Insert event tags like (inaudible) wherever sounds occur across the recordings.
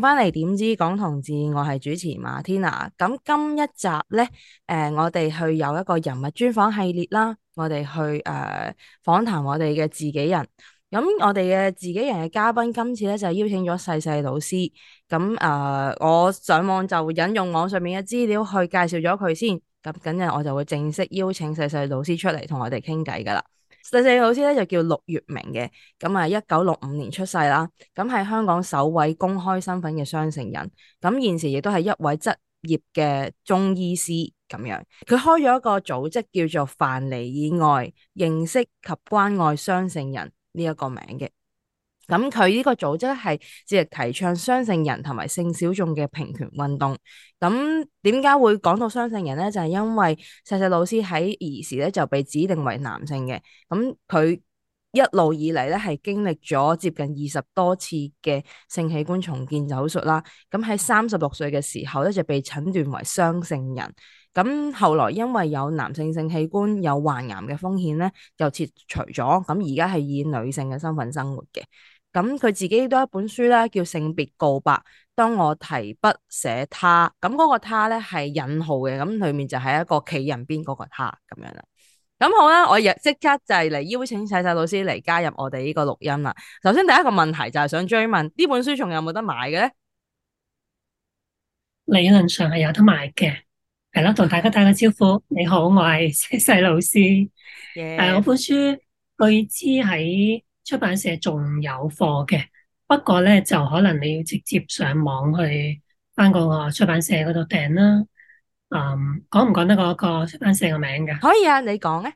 翻嚟點知港同志，我係主持馬天娜。咁今一集咧，誒、呃，我哋去有一個人物專訪系列啦。我哋去誒、呃、訪談我哋嘅自己人。咁我哋嘅自己人嘅嘉賓今次咧就是，邀請咗細細老師。咁誒、呃，我上網就引用網上面嘅資料去介紹咗佢先。咁今日我就會正式邀請細細老師出嚟同我哋傾偈噶啦。第四個老師咧就叫陸月明嘅，咁啊一九六五年出世啦，咁係香港首位公開身份嘅雙性人，咁現時亦都係一位執業嘅中醫師咁樣，佢開咗一個組織叫做《藩籬以外認識及關愛雙性人》呢、這、一個名嘅。咁佢呢個組織係致力提倡雙性人同埋性小眾嘅平權運動。咁點解會講到雙性人呢？就係、是、因為細細老師喺兒時咧就被指定為男性嘅。咁佢一路以嚟咧係經歷咗接近二十多次嘅性器官重建手術啦。咁喺三十六歲嘅時候咧就被診斷為雙性人。咁後來因為有男性性器官有患癌嘅風險咧，又切除咗。咁而家係以女性嘅身份生活嘅。咁佢自己都有一本書啦，叫《性別告白》，當我提筆寫他，咁嗰個他咧係引號嘅，咁裏面就係一個企人邊嗰個他咁樣啦。咁好啦，我亦即刻就嚟邀請細細老師嚟加入我哋呢個錄音啦。首先第一個問題就係想追問呢本書仲有冇得買嘅咧？理論上係有得買嘅，係咯，同大家打個招呼，你好，我係細細老師。誒 Yeah.、呃，我本書據知喺。出版社仲有貨嘅，不過咧就可能你要直接上網去翻個出版社嗰度訂啦。嗯，講唔講得嗰個出版社個名㗎？可以啊，你講咧。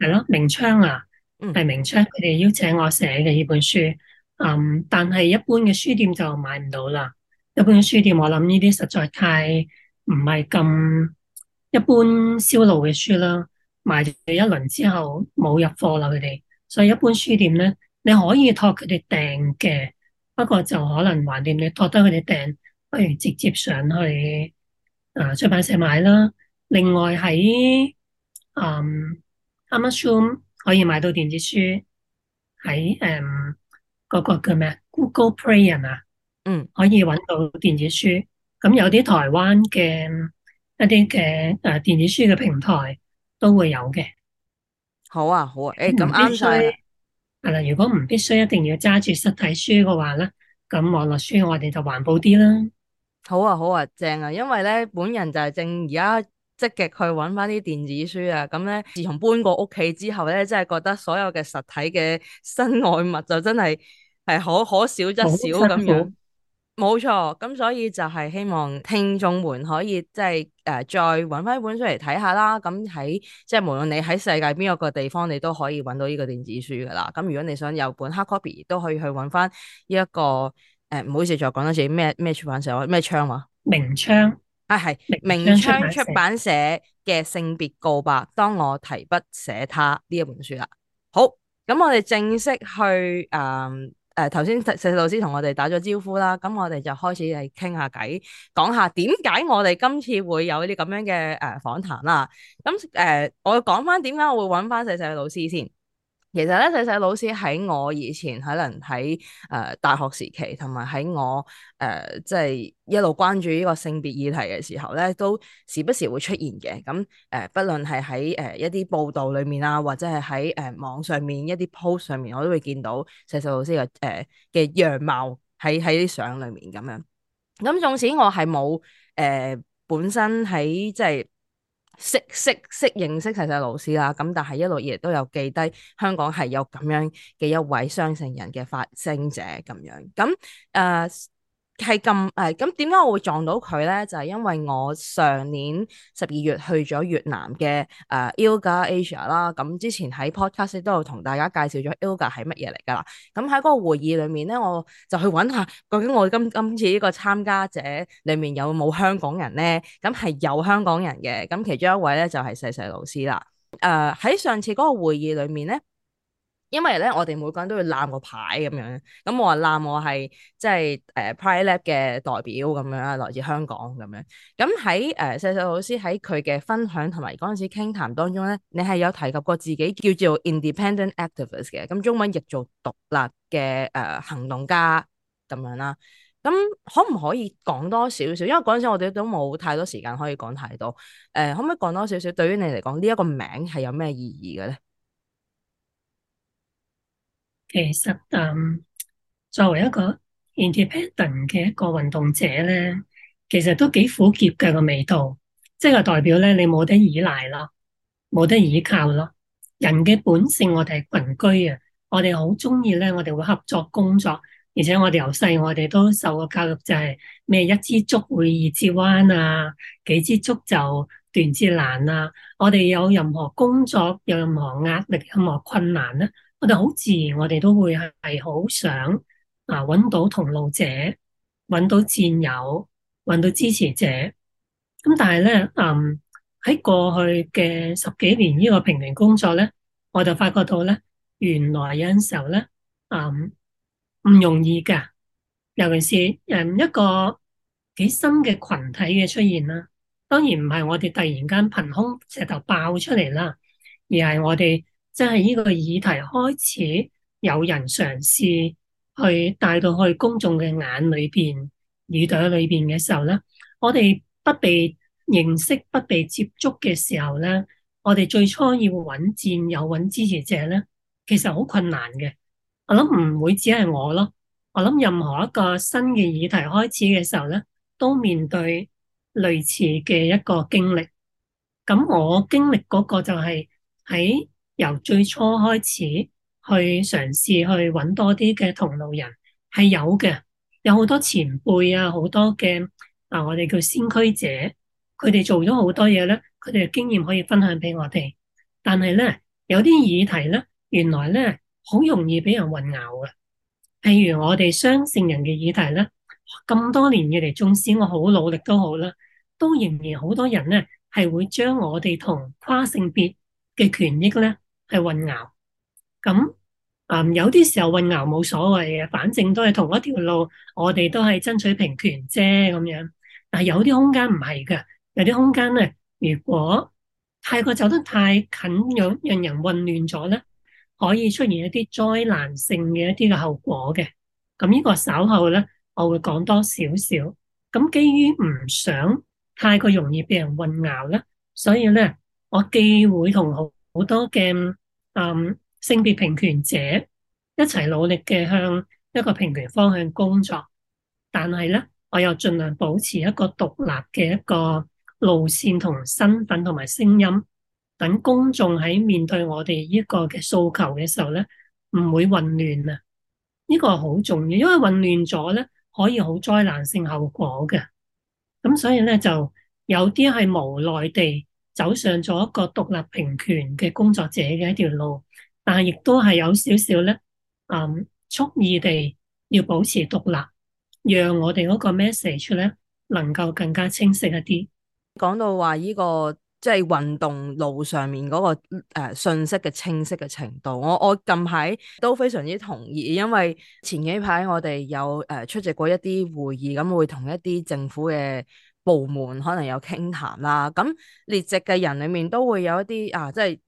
係咯，明昌啊，係明昌佢哋邀請我寫嘅呢本書。嗯，但係一般嘅書店就買唔到啦。一般嘅書店，我諗呢啲實在太唔係咁一般銷路嘅書啦。賣咗一輪之後冇入貨啦，佢哋。所以一般書店咧。你可以託佢哋訂嘅，不過就可能還掂。你託得佢哋訂，不如直接上去啊、呃、出版社買啦。另外喺嗯 Amazon 可以買到電子書，喺誒嗰個叫咩 Google Play 係嘛？嗯，Play，是是嗯，可以揾到電子書。咁有啲台灣嘅一啲嘅誒電子書嘅平台都會有嘅。好啊，好啊，誒咁啱曬。係啦，如果唔必須一定要揸住實體書嘅話咧，咁網絡書我哋就環保啲啦。好啊，好啊，正啊，因為咧，本人就係正而家積極去揾翻啲電子書啊。咁咧，自從搬過屋企之後咧，真係覺得所有嘅實體嘅身外物就真係係可可少則少咁樣。冇錯，咁所以就係希望聽眾們可以即係誒，再搵翻一本書嚟睇下啦。咁喺即係無論你喺世界邊一個地方，你都可以搵到呢個電子書噶啦。咁如果你想有本 hard copy，都可以去搵翻呢一個誒，唔、呃、好意思，再講多次咩咩出版社槍啊？咩窗嘛？哎、明窗啊，係明窗出版社嘅性別告白，當我提筆寫他呢一本書啦。好，咁我哋正式去誒。嗯誒，頭先細細老師同我哋打咗招呼啦，咁、嗯、我哋就開始嚟傾下偈，講下點解我哋今次會有呢啲咁樣嘅誒訪談啦。咁、呃、誒、啊嗯呃，我講翻點解我會搵翻細細老師先。其實咧，細細老師喺我以前可能喺誒大學時期，同埋喺我誒即係一路關注呢個性別議題嘅時候咧，都時不時會出現嘅。咁誒，不論係喺誒一啲報道裡面啊，或者係喺誒網上面一啲 post 上面，我都會見到細細老師嘅誒嘅樣貌喺喺啲相裡面咁樣。咁縱使我係冇誒本身喺即係。識識識認識細細老師啦，咁但係一路以嚟都有記低香港係有咁樣嘅一位雙性人嘅發聲者咁樣，樣，咁、uh、誒。係咁誒，咁點解我會撞到佢咧？就係因為我上年十二月去咗越南嘅誒 ILGA Asia 啦。咁之前喺 podcast 都有同大家介紹咗 ILGA 係乜嘢嚟㗎啦。咁喺嗰個會議裡面咧，我就去揾下究竟我今今次呢個參加者裡面有冇香港人咧？咁係有香港人嘅，咁其中一位咧就係細細老師啦。誒喺上次嗰個會議裡面咧。因為咧，我哋每個人都要攬個牌咁樣，咁我話攬我係即係誒 Pride Lab 嘅代表咁樣啊，來自香港咁樣。咁喺誒細細老師喺佢嘅分享同埋嗰陣時傾談當中咧，你係有提及過自己叫做 independent activist 嘅，咁中文譯做獨立嘅誒、呃、行動家咁樣啦。咁可唔可以講多少少？因為嗰陣時我哋都冇太多時間可以講太多。誒、呃，可唔可以講多少少？對於你嚟講，呢一個名係有咩意義嘅咧？其實，嗯，作為一個 independent 嘅一個運動者咧，其實都幾苦澀嘅、那個、味道，即、就、係、是、代表咧，你冇得依賴咯，冇得依靠咯。人嘅本性我哋係群居啊，我哋好中意咧，我哋會合作工作，而且我哋由細我哋都受過教育，就係、是、咩一支竹會二支彎啊，幾支竹就斷枝難啊。我哋有任何工作、有任何壓力、任何困難咧、啊。我哋好自然，我哋都會係好想啊揾到同路者，揾到戰友，揾到支持者。咁但係咧，嗯，喺過去嘅十幾年呢個平權工作咧，我就發覺到咧，原來有陣時候咧，嗯，唔容易㗎。尤其是人一個幾深嘅群體嘅出現啦，當然唔係我哋突然間憑空石頭爆出嚟啦，而係我哋。即係呢個議題開始有人嘗試去帶到去公眾嘅眼裏邊，耳朵裏邊嘅時候咧，我哋不被認識、不被接觸嘅時候咧，我哋最初要揾戰友、揾支持者咧，其實好困難嘅。我諗唔會只係我咯，我諗任何一個新嘅議題開始嘅時候咧，都面對類似嘅一個經歷。咁我經歷嗰個就係喺。由最初開始去嘗試去揾多啲嘅同路人係有嘅，有好多前輩啊，好多嘅啊，我哋叫先驅者，佢哋做咗好多嘢咧，佢哋嘅經驗可以分享俾我哋。但係咧，有啲議題咧，原來咧好容易俾人混淆嘅。譬如我哋雙性人嘅議題咧，咁多年以嚟縱使我好努力都好啦，都仍然好多人咧係會將我哋同跨性別嘅權益咧。係混淆咁。嗯，有啲時候混淆冇所謂嘅，反正都係同一條路，我哋都係爭取平權啫咁樣。但係有啲空間唔係嘅，有啲空間咧，如果太過走得太近，樣讓人混亂咗咧，可以出現一啲災難性嘅一啲嘅後果嘅。咁呢個稍後咧，我會講多少少。咁基於唔想太過容易俾人混淆啦，所以咧，我既會同好多嘅。嗯，um, 性別平權者一齊努力嘅向一個平權方向工作，但係咧，我又盡量保持一個獨立嘅一個路線同身份同埋聲音，等公眾喺面對我哋呢個嘅訴求嘅時候咧，唔會混亂啊！依個好重要，因為混亂咗咧，可以好災難性後果嘅。咁所以咧，就有啲係無奈地。走上咗一個獨立平權嘅工作者嘅一條路，但係亦都係有少少咧，嗯，蓄意地要保持獨立，讓我哋嗰個 message 咧能夠更加清晰一啲。講到話呢、呢個即係、即係、運動路上面嗰、嗰個、呃、信息嘅清晰嘅程度，我我近排都非常之同意，因為前幾排我哋有誒出席過一啲會議，咁會同一啲政府嘅。部門可能有傾談啦，咁列席嘅人裏面都會有一啲啊，即係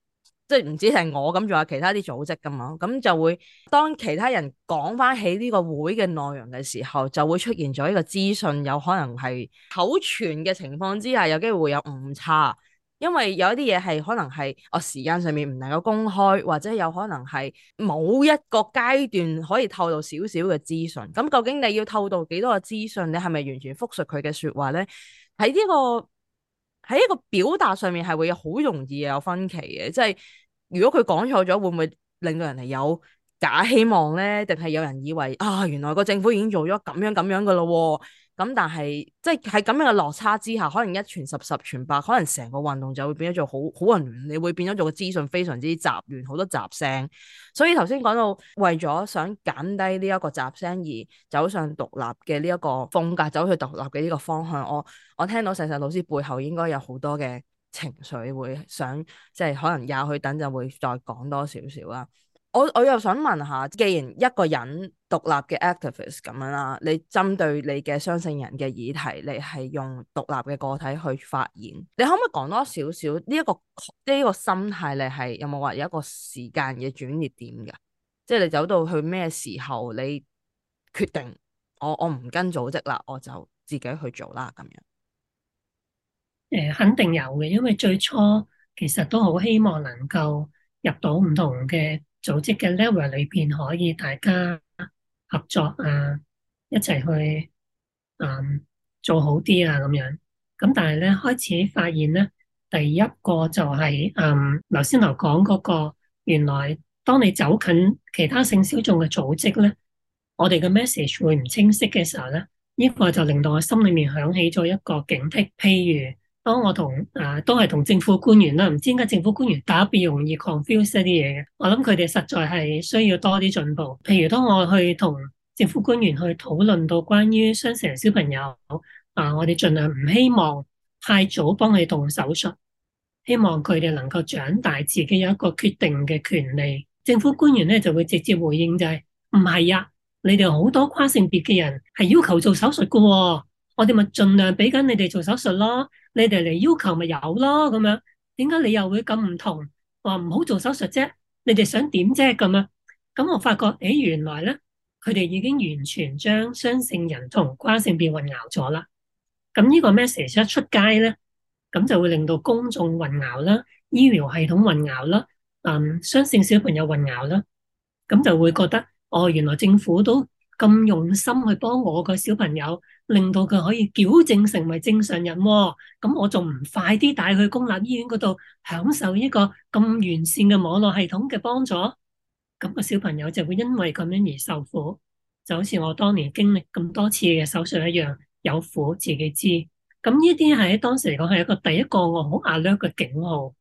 即係唔止係我，咁仲有其他啲組織噶嘛，咁就會當其他人講翻起呢個會嘅內容嘅時候，就會出現咗一個資訊有可能係口傳嘅情況之下，有機會會有誤差。因為有一啲嘢係可能係我時間上面唔能夠公開，或者有可能係某一個階段可以透露少少嘅資訊。咁究竟你要透露幾多個資訊？你係咪完全復述佢嘅說話咧？喺呢個喺一個表達上面係會有好容易有分歧嘅。即係如果佢講錯咗，會唔會令到人哋有假希望咧？定係有人以為啊，原來個政府已經做咗咁樣咁樣嘅咯，啊？咁但係即係喺咁樣嘅落差之下，可能一傳十十傳百，可能成個運動就會變咗做好好混亂，你會變咗做個資訊非常之雜亂，好多雜聲。所以頭先講到為咗想減低呢一個雜聲而走上獨立嘅呢一個風格，走去獨立嘅呢個方向，我我聽到細細老師背後應該有好多嘅情緒，會想即係可能也去等陣會再講多少少啦。我我又想問下，既然一個人獨立嘅 activist 咁樣啦，你針對你嘅雙性人嘅議題，你係用獨立嘅個體去發言，你可唔可以講多少少呢一個呢一個心態？你係有冇話有一個時間嘅轉捩點㗎？即係你走到去咩時候，你決定我我唔跟組織啦，我就自己去做啦咁樣。誒，肯定有嘅，因為最初其實都好希望能夠入到唔同嘅。組織嘅 level 裏邊可以大家合作啊，一齊去嗯做好啲啊咁樣。咁但係咧，開始發現咧，第一個就係嗯，頭先我講嗰個，原來當你走近其他性小眾嘅組織咧，我哋嘅 message 會唔清晰嘅時候咧，呢個就令到我心裡面響起咗一個警惕。譬如當我同啊都係同政府官員啦，唔知點解政府官員特別容易 confuse 一啲嘢嘅，我諗佢哋實在係需要多啲進步。譬如當我去同政府官員去討論到關於雙性人小朋友啊，我哋儘量唔希望太早幫佢動手術，希望佢哋能夠長大自己有一個決定嘅權利。政府官員咧就會直接回應就係唔係呀？你哋好多跨性別嘅人係要求做手術嘅喎、哦。我哋咪盡量俾緊你哋做手術咯，你哋嚟要求咪有咯咁樣。點解你又會咁唔同？話唔好做手術啫，你哋想點啫咁啊？咁我發覺，誒、欸、原來咧，佢哋已經完全將雙性人同跨性別混淆咗啦。咁呢個 message 一出街咧，咁就會令到公眾混淆啦，醫療系統混淆啦，嗯，雙性小朋友混淆啦，咁就會覺得，哦，原來政府都。咁用心去幫我個小朋友，令到佢可以矯正成為正常人哦。咁我仲唔快啲帶佢去公立醫院嗰度享受呢個咁完善嘅網絡系統嘅幫助？咁個小朋友就會因為咁樣而受苦，就好似我當年經歷咁多次嘅手術一樣，有苦自己知。咁呢啲係喺當時嚟講係一個第一個我好壓略嘅警號。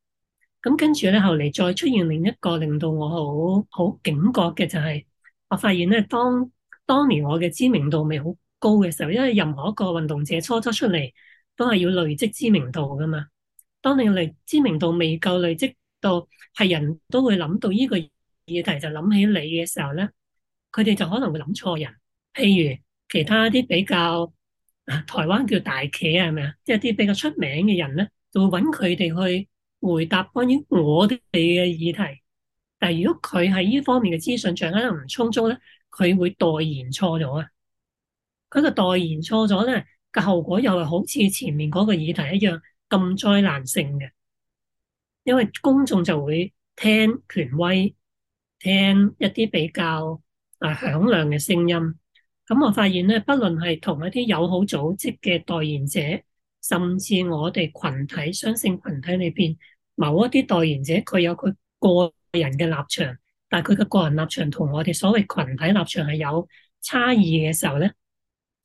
咁跟住咧，後嚟再出現另一個令到我好好警覺嘅就係，我發現咧當。當年我嘅知名度未好高嘅時候，因為任何一個運動者初初出嚟都係要累積知名度噶嘛。當你累知名度未夠累積到，係人都會諗到呢個議題就諗起你嘅時候咧，佢哋就可能會諗錯人。譬如其他啲比較台灣叫大咖係咪啊？即係一啲比較出名嘅人咧，就會揾佢哋去回答關於我哋嘅議題。但係如果佢喺呢方面嘅資訊掌握得唔充足咧？佢會代言錯咗啊！佢個代言錯咗咧，個後果又係好似前面嗰個議題一樣咁災難性嘅，因為公眾就會聽權威，聽一啲比較啊響亮嘅聲音。咁我發現咧，不論係同一啲友好組織嘅代言者，甚至我哋群體、雙性群體裏邊某一啲代言者，佢有佢個人嘅立場。但係佢嘅個人立場同我哋所謂群體立場係有差異嘅時候咧，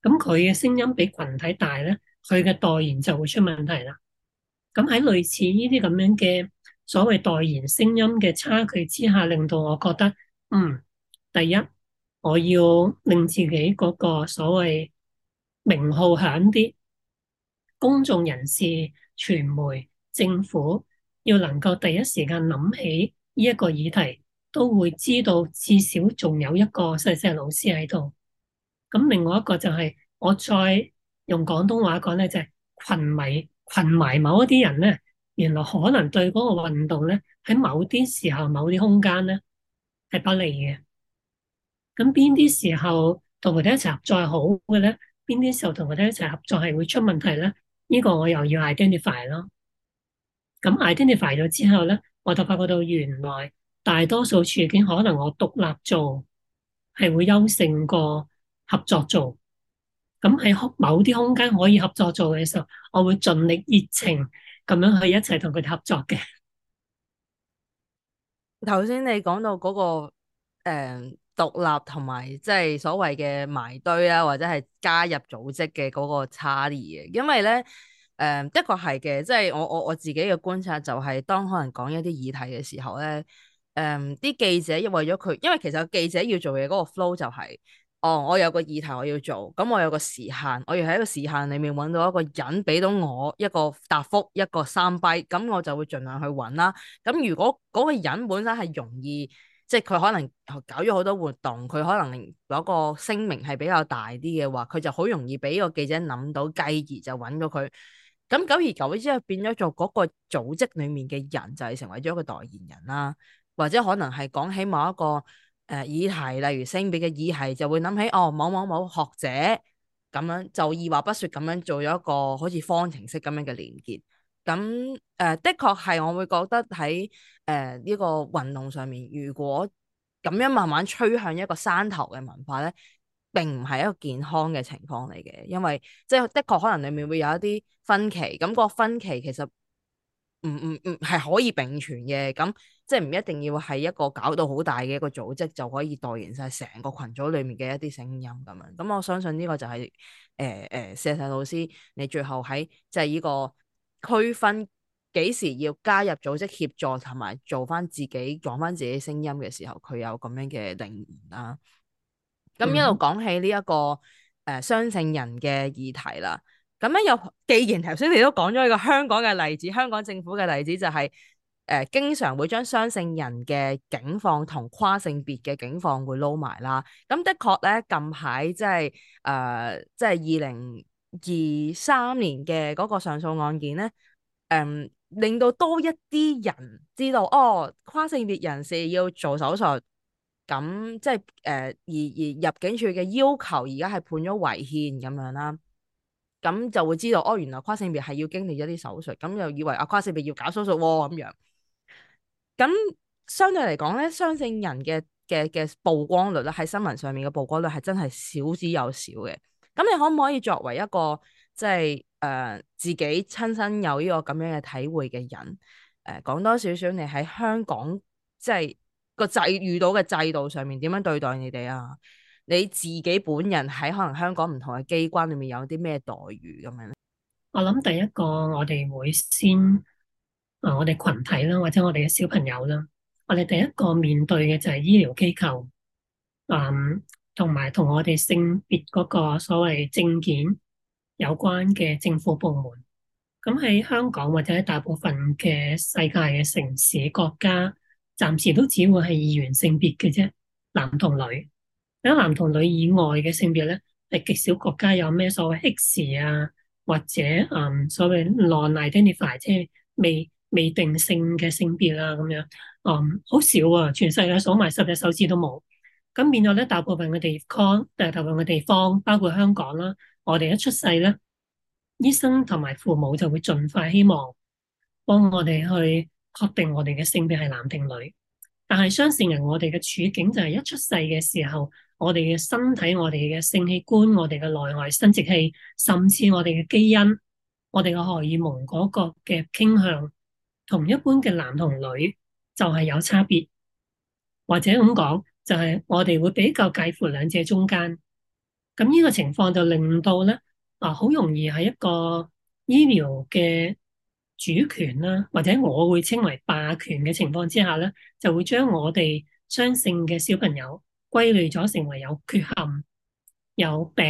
咁佢嘅聲音比群體大咧，佢嘅代言就會出問題啦。咁喺類似呢啲咁樣嘅所謂代言聲音嘅差距之下，令到我覺得，嗯，第一，我要令自己嗰個所謂名號響啲，公眾人士、傳媒、政府要能夠第一時間諗起呢一個議題。都會知道，至少仲有一個細細老師喺度。咁另外一個就係、是、我再用廣東話講咧，就係、是、羣迷」、「羣埋某一啲人咧，原來可能對嗰個運動咧，喺某啲時候、某啲空間咧係不利嘅。咁邊啲時候同佢哋一齊合作係好嘅咧？邊啲時候同佢哋一齊合作係會出問題咧？呢、呢個我又要 identify 咯。咁 identify 咗之後咧，我就發覺到原來。大多數處境可能我獨立做係會優勝過合作做，咁喺某啲空間可以合作做嘅時候，我會盡力熱情咁樣去一齊同佢哋合作嘅。頭先你講到嗰個誒獨立同埋即係所謂嘅埋堆啦，或者係加入組織嘅嗰個差異嘅，因為咧誒的確係嘅，即係我我我自己嘅觀察就係當可能講一啲議題嘅時候咧。誒，啲記者為咗佢，因為其實記者要做嘢嗰個 flow 就係，哦，我有個議題我要做，咁我有個時限，我要喺一個時限裏面搵到一個人俾到我一個答覆，一個三批，咁我就會盡量去搵啦。咁如果嗰個人本身係容易，即係佢可能搞咗好多活動，佢可能嗰個聲明係比較大啲嘅話，佢就好容易俾個記者諗到繼而就搵咗佢。咁久而久之，變咗做嗰個組織裏面嘅人就係成為咗一個代言人啦。或者可能係講起某一個誒議題，例如性別嘅議題，就會諗起哦某某某學者，咁樣就二話不說咁樣做咗一個好似方程式咁樣嘅連結。咁誒、呃，的確係我會覺得喺誒呢個運動上面，如果咁樣慢慢趨向一個山頭嘅文化咧，並唔係一個健康嘅情況嚟嘅，因為即係、就是、的確可能裡面會有一啲分歧。咁、那個分歧其實～唔唔唔，係、嗯嗯、可以並存嘅，咁即係唔一定要係一個搞到好大嘅一個組織就可以代言晒成個群組裏面嘅一啲聲音咁樣。咁我相信呢個就係誒誒，細、呃、細、呃、老師你最後喺即係呢個區分幾時要加入組織協助，同埋做翻自己講翻自己聲音嘅時候，佢有咁樣嘅定義啦、啊。咁一路講起呢、這、一個誒雙、嗯呃、性人嘅議題啦。咁樣又，既然頭先你都講咗一個香港嘅例子，香港政府嘅例子就係、是、誒、呃、經常會將雙性人嘅警況同跨性別嘅警況會撈埋啦。咁、嗯、的確咧，近排即係誒即係二零二三年嘅嗰個上訴案件咧，誒、嗯、令到多一啲人知道哦，跨性別人士要做手術，咁即係誒而而入境處嘅要求而家係判咗違憲咁樣啦。咁就會知道，哦，原來跨性別係要經歷一啲手術，咁又以為阿跨性別要搞手術喎咁樣。咁相對嚟講咧，雙性人嘅嘅嘅曝光率咧，喺新聞上面嘅曝光率係真係少之又少嘅。咁你可唔可以作為一個即係誒自己親身有呢個咁樣嘅體會嘅人，誒、呃、講多少少你喺香港即係個制遇到嘅制度上面點樣對待你哋啊？你自己本人喺可能香港唔同嘅機關裏面有啲咩待遇咁樣咧？我諗第一個我哋會先啊、呃，我哋群體啦，或者我哋嘅小朋友啦，我哋第一個面對嘅就係醫療機構，嗯，同埋同我哋性別嗰個所謂證件有關嘅政府部門。咁喺香港或者大部分嘅世界嘅城市國家，暫時都只會係二元性別嘅啫，男同女。喺男同女以外嘅性別咧，係極少國家有咩所謂 X 啊，或者嗯所謂 non-binary 即係未未定性嘅性別啊咁樣，嗯好少啊，全世界數埋十隻手指都冇。咁變咗咧，大部分嘅地方，大部分嘅地方，包括香港啦，我哋一出世咧，醫生同埋父母就會盡快希望幫我哋去確定我哋嘅性別係男定女。但係雙性人，我哋嘅處境就係一出世嘅時候。我哋嘅身體、我哋嘅性器官、我哋嘅內外生殖器，甚至我哋嘅基因、我哋嘅荷爾蒙嗰個嘅傾向，同一般嘅男同女就係有差別，或者咁講就係、是、我哋會比較介乎兩者中間。咁、這、呢個情況就令到咧啊，好容易係一個醫療嘅主權啦，或者我會稱為霸權嘅情況之下咧，就會將我哋雙性嘅小朋友。歸類咗成為有缺陷，有病，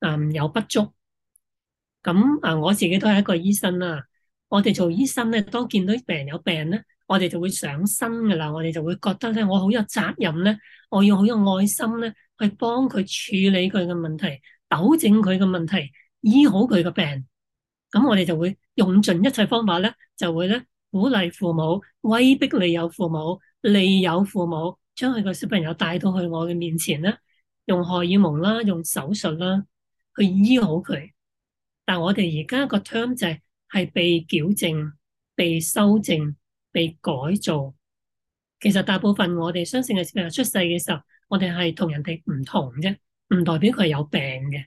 嗯有不足。咁啊，我自己都係一個醫生啦、啊。我哋做醫生咧，當見到病人有病咧，我哋就會上身噶啦。我哋就會覺得咧，我好有責任咧，我要好有愛心咧，去幫佢處理佢嘅問題，糾正佢嘅問題，醫好佢嘅病。咁我哋就會用盡一切方法咧，就會咧鼓勵父母，威逼利誘父母，利誘父母。將佢個小朋友帶到去我嘅面前咧，用荷爾蒙啦，用手術啦，去醫好佢。但我哋而家個 term 就係被矯正、被修正、被改造。其實大部分我哋雙性嘅小朋友出世嘅時候，我哋係同人哋唔同啫，唔代表佢係有病嘅。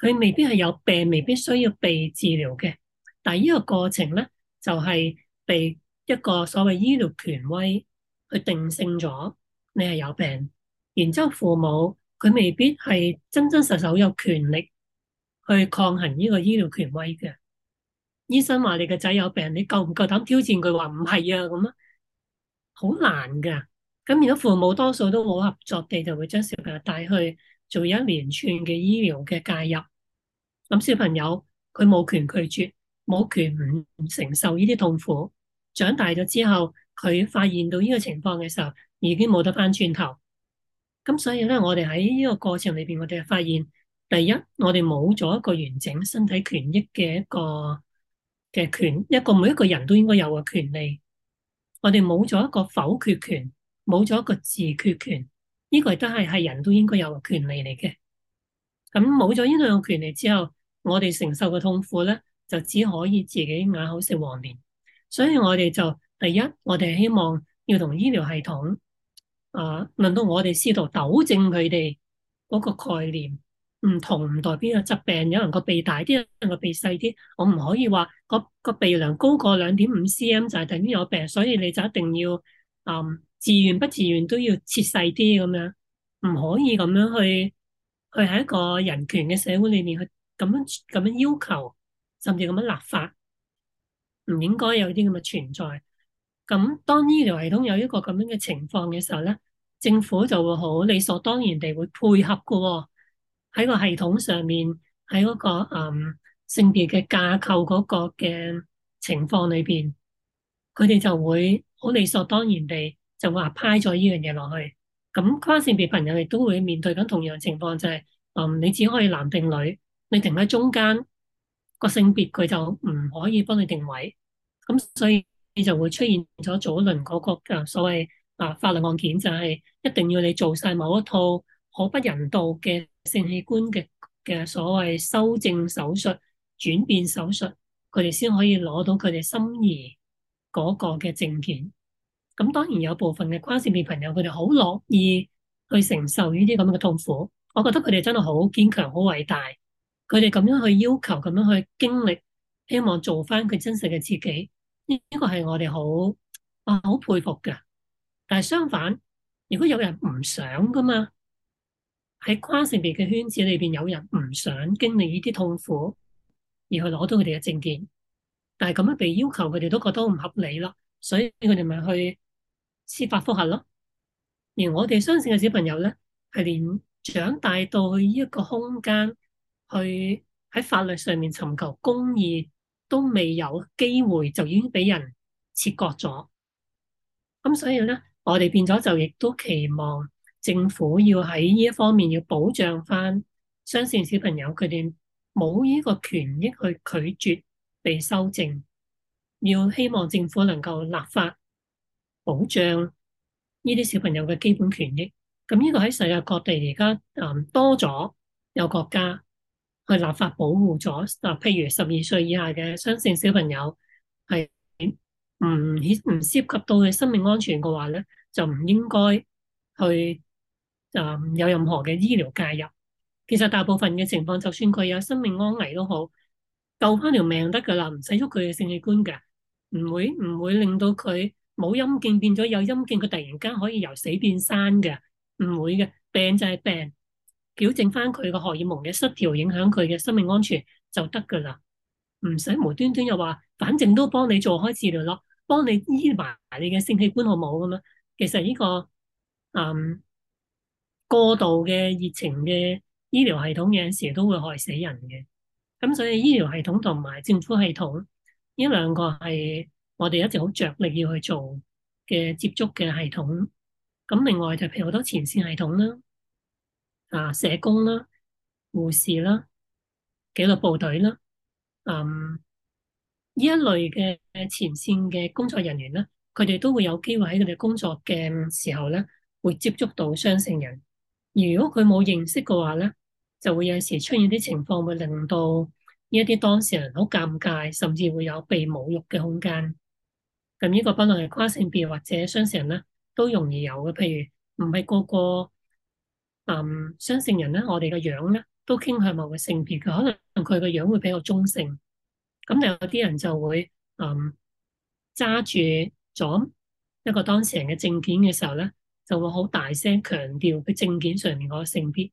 佢未必係有病，未必需要被治療嘅。但係呢個過程咧，就係、是、被一個所謂醫療權威去定性咗。你係有病，然之後父母佢未必係真真實實好有權力去抗衡呢個醫療權威嘅。醫生話你個仔有病，你夠唔夠膽挑戰佢話唔係啊？咁啊，好難㗎。咁如果父母多數都好合作地，就會將小朋友帶去做一連串嘅醫療嘅介入。咁小朋友佢冇權拒絕，冇權唔承受呢啲痛苦。長大咗之後，佢發現到呢個情況嘅時候，已經冇得翻轉頭，咁所以咧，我哋喺呢個過程裏邊，我哋發現第一，我哋冇咗一個完整身體權益嘅一個嘅權，一個每一個人都應該有嘅權利。我哋冇咗一個否決權，冇咗一個自決權，呢、這個亦都係係人都應該有嘅權利嚟嘅。咁冇咗呢兩個權利之後，我哋承受嘅痛苦咧，就只可以自己咬口食黃連。所以我哋就第一，我哋希望要同醫療系統。啊！輪到我哋試圖糾正佢哋嗰個概念，唔同唔代表有疾病，有人個鼻大啲，有人個鼻細啲。我唔可以話個個鼻梁高過兩點五 c m 就係等於有病，所以你就一定要嗯自願不自願都要切細啲咁樣，唔可以咁樣去去喺一個人權嘅社會裏面去咁樣咁樣要求，甚至咁樣立法，唔應該有啲咁嘅存在。咁、嗯、當醫療系統有一個咁樣嘅情況嘅時候咧，政府就會好理所當然地會配合嘅喎、哦。喺個系統上面，喺嗰、那個、嗯、性別嘅架構嗰個嘅情況裏邊，佢哋就會好理所當然地就話派咗依樣嘢落去。咁跨性別朋友亦都會面對緊同樣情況、就是，就係嗯你只可以男定女，你停喺中間個性別佢就唔可以幫你定位。咁、嗯、所以。你就會出現咗早一輪嗰個嘅所謂啊法律案件，就係一定要你做晒某一套可不人道嘅性器官嘅嘅所謂修正手術、轉變手術，佢哋先可以攞到佢哋心儀嗰個嘅證件。咁當然有部分嘅跨性別朋友，佢哋好樂意去承受呢啲咁嘅痛苦。我覺得佢哋真係好堅強、好偉大。佢哋咁樣去要求、咁樣去經歷，希望做翻佢真實嘅自己。呢個係我哋好啊，好佩服嘅。但係相反，如果有人唔想噶嘛，喺跨性別嘅圈子裏邊，有人唔想經歷呢啲痛苦而去攞到佢哋嘅證件，但係咁樣被要求，佢哋都覺得唔合理咯。所以佢哋咪去司法覆核咯。而我哋雙性嘅小朋友咧，係連長大到去呢一個空間，去喺法律上面尋求公義。都未有機會，就已經俾人切割咗。咁所以咧，我哋變咗就亦都期望政府要喺呢一方面要保障翻雙性小朋友佢哋冇呢個權益去拒絕被修正。要希望政府能夠立法保障呢啲小朋友嘅基本權益。咁呢個喺世界各地而家誒多咗有國家。去立法保護咗嗱，譬如十二歲以下嘅雙性小朋友，係唔涉唔涉及到佢生命安全嘅話咧，就唔應該去誒、呃、有任何嘅醫療介入。其實大部分嘅情況，就算佢有生命安危都好，救翻條命得噶啦，唔使喐佢嘅性器官嘅，唔會唔會令到佢冇陰莖變咗有陰莖，佢突然間可以由死變生嘅，唔會嘅，病就係病。矯正翻佢嘅荷爾蒙嘅失調，影響佢嘅生命安全就得噶啦，唔使無端端又話，反正都幫你做開治療咯，幫你醫埋你嘅性器官好唔好咁啊！其實呢個嗯過度嘅熱情嘅醫療系統，有陣時都會害死人嘅。咁所以醫療系統同埋政府系統呢兩個係我哋一直好着力要去做嘅接觸嘅系統。咁另外就譬如好多前線系統啦。啊，社工啦、護士啦、紀律部隊啦，嗯，呢一類嘅前線嘅工作人員啦，佢哋都會有機會喺佢哋工作嘅時候咧，會接觸到雙性人。如果佢冇認識嘅話咧，就會有時出現啲情況，會令到呢一啲當事人好尷尬，甚至會有被侮辱嘅空間。咁呢個不論係跨性別或者雙性人咧，都容易有嘅。譬如唔係個個。嗯，雙、um, 性人咧，我哋嘅樣咧都傾向某個性別，佢可能佢嘅樣會比較中性。咁有啲人就會嗯揸、um, 住咗一個當事人嘅證件嘅時候咧，就會好大聲強調佢證件上面嗰個性別，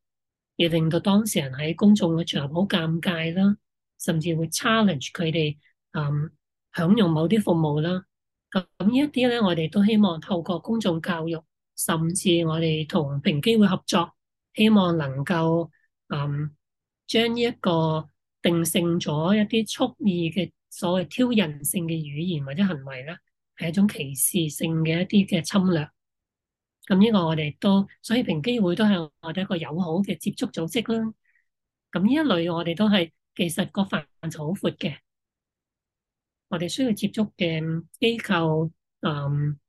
而令到當事人喺公眾嘅場合好尷尬啦，甚至會 challenge 佢哋嗯享用某啲服務啦。咁呢一啲咧，我哋都希望透過公眾教育，甚至我哋同平機會合作。希望能夠嗯將呢一個定性咗一啲蓄意嘅，所謂挑釁性嘅語言或者行為咧，係一種歧視性嘅一啲嘅侵略。咁呢個我哋都所以平機會都係我哋一個友好嘅接觸組織啦。咁呢一類我哋都係其實個範疇好闊嘅，我哋需要接觸嘅機構嗯，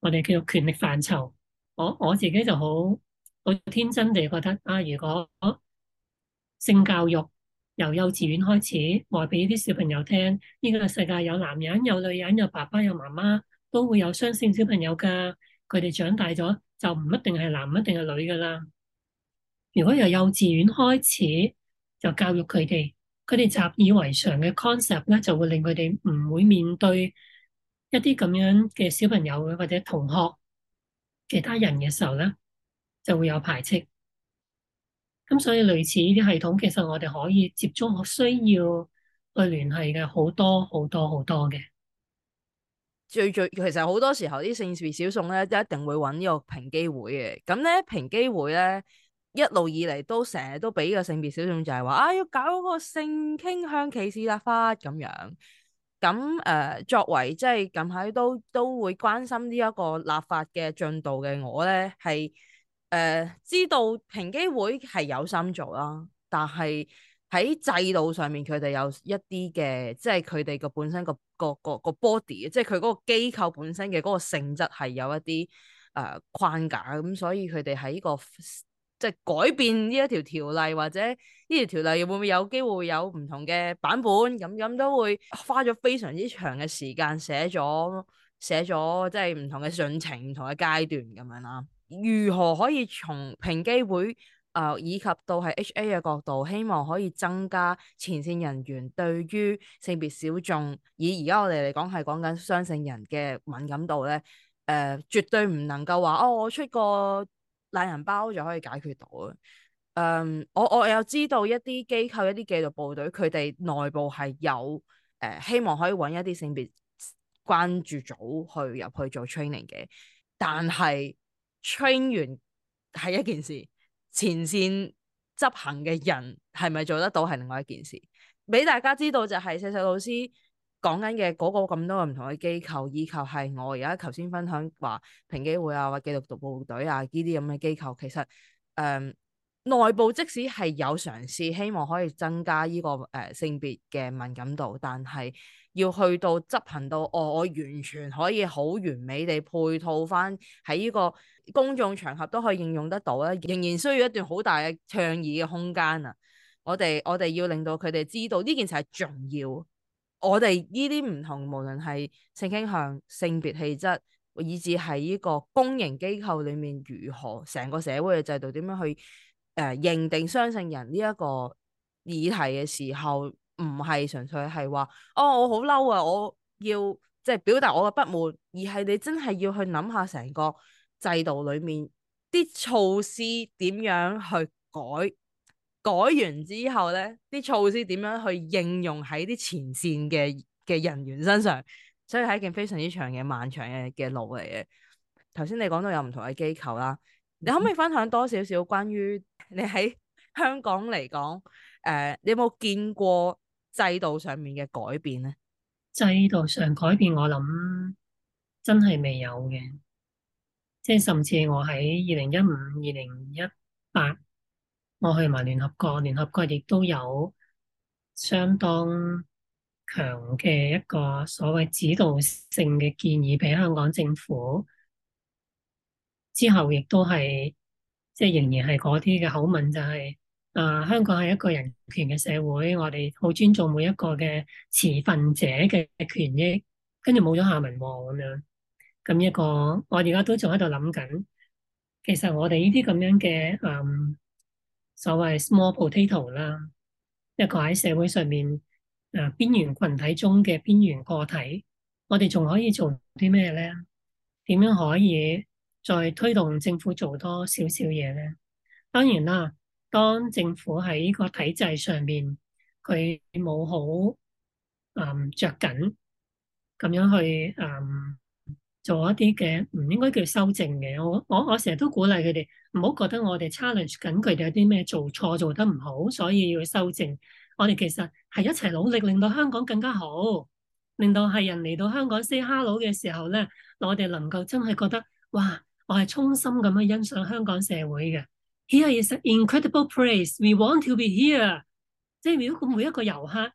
我哋叫做權力範疇。我我自己就好。我天真地覺得啊，如果性教育由幼稚園開始，我俾啲小朋友聽，呢個世界有男人、有女人、有爸爸、有媽媽，都會有雙性小朋友噶。佢哋長大咗就唔一定係男，一定係女噶啦。如果由幼稚園開始就教育佢哋，佢哋習以為常嘅 concept 咧，就會令佢哋唔會面對一啲咁樣嘅小朋友或者同學其他人嘅時候咧。就會有排斥，咁所以類似呢啲系統，其實我哋可以接觸我需要去聯繫嘅好多好多好多嘅。最最其實好多時候啲性別小眾咧，都一定會揾呢個平機會嘅。咁咧，平機會咧一路以嚟都成日都俾個性別小眾就係話啊，要搞個性傾向歧視立法咁樣。咁誒、呃，作為即係近排都都會關心呢一個立法嘅進度嘅我咧，係。誒，uh, 知道平機會係有心做啦，但係喺制度上面，佢哋有一啲嘅，即係佢哋個本身個個個個 body，即係佢嗰個機構本身嘅嗰個性質係有一啲誒、呃、框架，咁所以佢哋喺個即係改變呢一條條例或者呢條條例會唔會有機會有唔同嘅版本，咁咁都會花咗非常之長嘅時間寫咗寫咗，即係唔同嘅信程，唔同嘅階段咁樣啦。如何可以從平機會，誒、呃、以及到係 HA 嘅角度，希望可以增加前線人員對於性別小眾，以而家我哋嚟講係講緊雙性人嘅敏感度咧，誒、呃、絕對唔能夠話哦，我出個懶人包就可以解決到啊。嗯，我我有知道一啲機構、一啲紀律部隊佢哋內部係有誒、呃、希望可以搵一啲性別關注組去入去做 training 嘅，但係。train 完係一件事，前線執行嘅人係咪做得到係另外一件事，俾大家知道就係細細老師講緊嘅嗰個咁多個唔同嘅機構，以及係我而家頭先分享話平機會啊、或紀律部隊啊呢啲咁嘅機構，其實誒、呃、內部即使係有嘗試，希望可以增加呢、這個誒、呃、性別嘅敏感度，但係。要去到執行到，哦，我完全可以好完美地配套翻喺呢個公眾場合都可以應用得到啦。仍然需要一段好大嘅倡議嘅空間啊！我哋我哋要令到佢哋知道呢件事係重要。我哋呢啲唔同，無論係性傾向、性別氣質，以至係呢個公營機構裏面如何，成個社會嘅制度點樣去誒、呃、認定雙性人呢一個議題嘅時候。唔係純粹係話，哦，我好嬲啊！我要即係、就是、表達我嘅不滿，而係你真係要去諗下成個制度裏面啲措施點樣去改，改完之後咧，啲措施點樣去應用喺啲前線嘅嘅人員身上，所以係一件非常之長嘅、漫長嘅嘅路嚟嘅。頭先你講到有唔同嘅機構啦，你可唔可以分享多少少關於你喺香港嚟講，誒、呃，你有冇見過？制度上面嘅改變呢？制度上改變我諗真係未有嘅，即係甚至我喺二零一五、二零一八，我去埋聯合國，聯合國亦都有相當強嘅一個所謂指導性嘅建議俾香港政府，之後亦都係即係仍然係嗰啲嘅口吻、就係，就係。啊！香港係一個人權嘅社會，我哋好尊重每一個嘅持份者嘅權益，跟住冇咗下文喎咁樣。咁一個我而家都仲喺度諗緊，其實我哋呢啲咁樣嘅誒、嗯、所謂 small potato 啦，一個喺社會上面誒邊緣群體中嘅邊緣個體，我哋仲可以做啲咩咧？點樣可以再推動政府做多少少嘢咧？當然啦。當政府喺個體制上面佢冇好嗯著緊咁樣去嗯做一啲嘅唔應該叫修正嘅。我我我成日都鼓勵佢哋唔好覺得我哋 challenge 緊佢哋有啲咩做錯做得唔好，所以要修正。我哋其實係一齊努力，令到香港更加好，令到係人嚟到香港 say hello 嘅時候咧，我哋能夠真係覺得哇，我係衷心咁樣欣賞香港社會嘅。Here is an incredible place，we want to be here。即係如果每一個遊客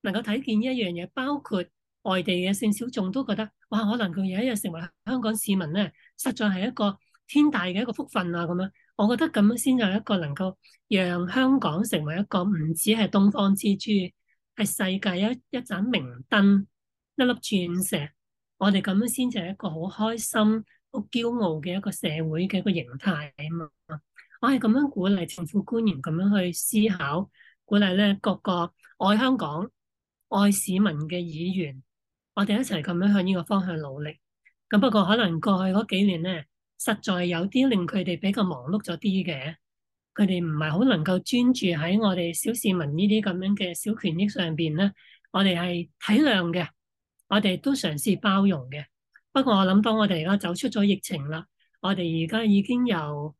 能夠睇見呢一樣嘢，包括外地嘅性小眾都覺得，哇！可能佢有一日成為香港市民咧，實在係一個天大嘅一個福分啊！咁樣，我覺得咁樣先至係一個能夠讓香港成為一個唔止係東方之珠，係世界一一盞明燈、一粒鑽石。我哋咁樣先就係一個好開心、好驕傲嘅一個社會嘅一個形態啊嘛～我係咁樣鼓勵政府官員咁樣去思考，鼓勵咧各個愛香港、愛市民嘅議員，我哋一齊咁樣向呢個方向努力。咁不過可能過去嗰幾年咧，實在有啲令佢哋比較忙碌咗啲嘅，佢哋唔係好能夠專注喺我哋小市民呢啲咁樣嘅小權益上邊咧。我哋係體諒嘅，我哋都嘗試包容嘅。不過我諗到我哋而家走出咗疫情啦，我哋而家已經有。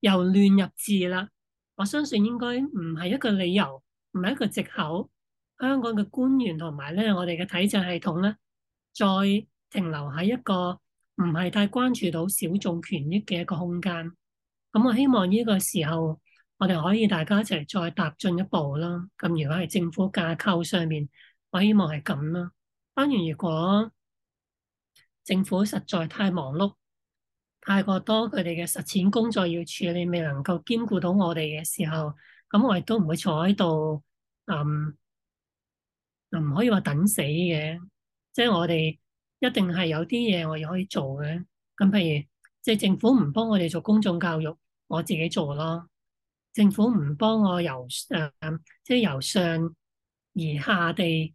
由亂入治啦，我相信應該唔係一個理由，唔係一個藉口。香港嘅官員同埋咧，我哋嘅體制系統咧，再停留喺一個唔係太關注到小眾權益嘅一個空間。咁我希望呢個時候，我哋可以大家一齊再踏進一步咯。咁如果係政府架構上面，我希望係咁咯。當然，如果政府實在太忙碌。太過多佢哋嘅實踐工作要處理，未能夠兼顧到我哋嘅時候，咁我亦都唔會坐喺度，嗯，又唔可以話等死嘅，即係我哋一定係有啲嘢我哋可以做嘅。咁譬如，即係政府唔幫我哋做公眾教育，我自己做咯。政府唔幫我由誒，即係由上而下地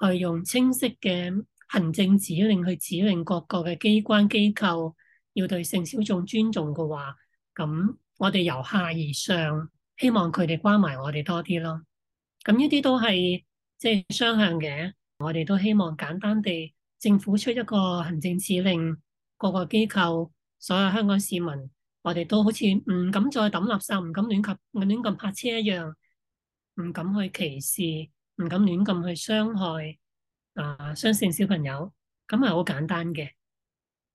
去用清晰嘅行政指令去指令各個嘅機關機構。要對性小眾尊重嘅話，咁我哋由下而上，希望佢哋關懷我哋多啲咯。咁呢啲都係即係雙向嘅，我哋都希望簡單地政府出一個行政指令，個個機構、所有香港市民，我哋都好似唔敢再抌垃圾，唔敢亂及亂咁泊車一樣，唔敢去歧視，唔敢亂咁去傷害啊雙性小朋友，咁係好簡單嘅。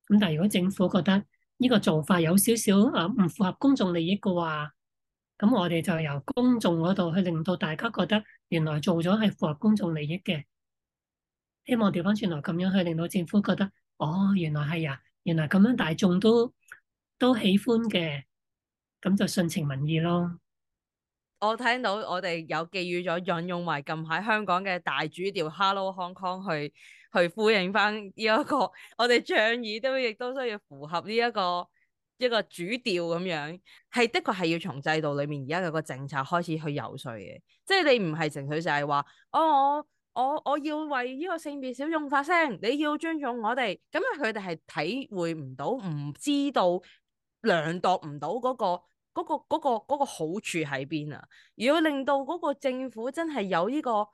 咁但係如果政府覺得呢個做法有少少啊唔符合公眾利益嘅話，咁我哋就由公眾嗰度去令到大家覺得原來做咗係符合公眾利益嘅，希望調返轉來咁樣去令到政府覺得，哦原來係啊，原來咁樣大眾都都喜歡嘅，咁就順情民意咯。我聽到我哋有寄語咗引用埋近排香港嘅大主調 Hello Hong Kong 去。去呼應翻呢一個，我哋倡議都亦都需要符合呢一個一個主調咁樣，係的確係要從制度裏面而家嘅個政策開始去游說嘅，即係你唔係純粹就係話，哦，我我我要為呢個性別小眾發聲，你要尊重我哋，咁啊佢哋係體會唔到，唔知道量度唔到嗰個嗰個嗰個嗰個好處喺邊啊！要令到嗰個政府真係有呢個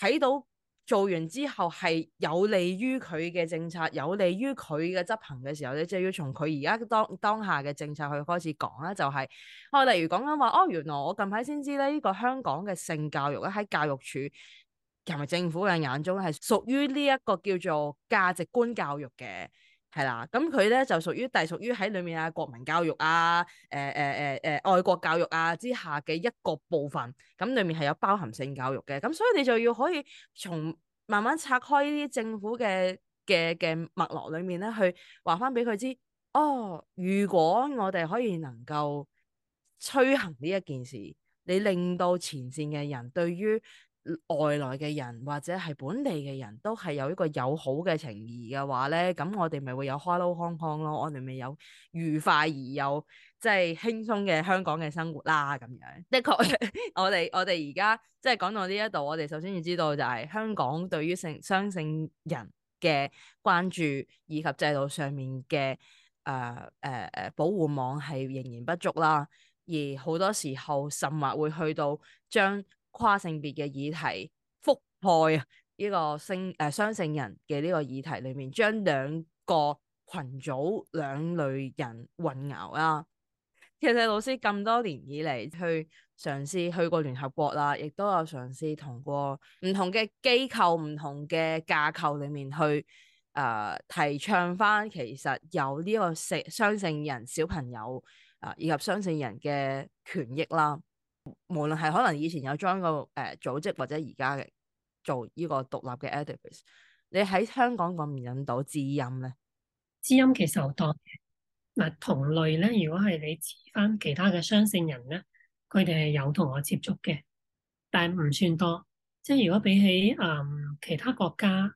睇到。做完之後係有利於佢嘅政策，有利於佢嘅執行嘅時候咧，即係要從佢而家當當下嘅政策去開始講咧，就係、是、哦，例如講緊話哦，原來我近排先知咧，呢個香港嘅性教育咧，喺教育署同埋政府嘅眼中係屬於呢一個叫做價值觀教育嘅。係啦，咁佢咧就屬於隸屬於喺裏面啊，國民教育啊，誒誒誒誒，愛國教育啊之下嘅一個部分。咁裏面係有包含性教育嘅，咁所以你就要可以從慢慢拆開呢啲政府嘅嘅嘅脈絡裏面咧，去話翻俾佢知。哦，如果我哋可以能夠推行呢一件事，你令到前線嘅人對於外來嘅人或者係本地嘅人都係有一個友好嘅情誼嘅話咧，咁我哋咪會有 Hello Hong Kong 咯，我哋咪有愉快而有即係輕鬆嘅香港嘅生活啦。咁樣的確， (laughs) (laughs) 我哋我哋而家即係講到呢一度，我哋首先要知道就係香港對於性雙性人嘅關注以及制度上面嘅誒誒誒保護網係仍然不足啦，而好多時候甚至會去到將跨性別嘅議題，覆蓋啊呢個性誒雙、呃、性人嘅呢個議題裏面，將兩個群組兩類人混淆啦。其實老師咁多年以嚟，去嘗試去過聯合國啦，亦都有嘗試過同過唔同嘅機構、唔同嘅架構裏面去誒、呃、提倡翻，其實有呢個性雙性人小朋友啊、呃、以及雙性人嘅權益啦。無論係可能以前有 join 個誒組織或者而家嘅做呢個獨立嘅 activist, 你喺香港唔引到知音咧？知音其實好多嗱，同類咧，如果係你知翻其他嘅雙性人咧，佢哋係有同我接觸嘅，但唔算多。即係如果比起誒、呃、其他國家，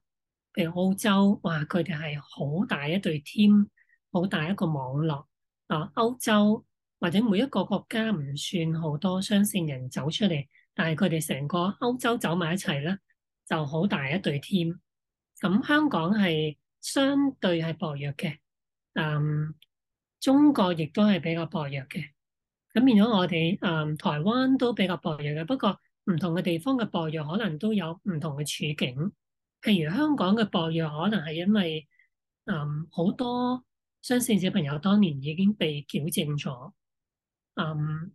譬如澳洲，哇，佢哋係好大一對 team，好大一個網絡啊，呃、歐洲。或者每一個國家唔算好多雙性人走出嚟，但係佢哋成個歐洲走埋一齊咧，就好大一隊添。咁香港係相對係薄弱嘅，嗯，中國亦都係比較薄弱嘅。咁變咗我哋，嗯，台灣都比較薄弱嘅。不過唔同嘅地方嘅薄弱可能都有唔同嘅處境。譬如香港嘅薄弱可能係因為，嗯，好多雙性小朋友當年已經被矯正咗。嗯，um,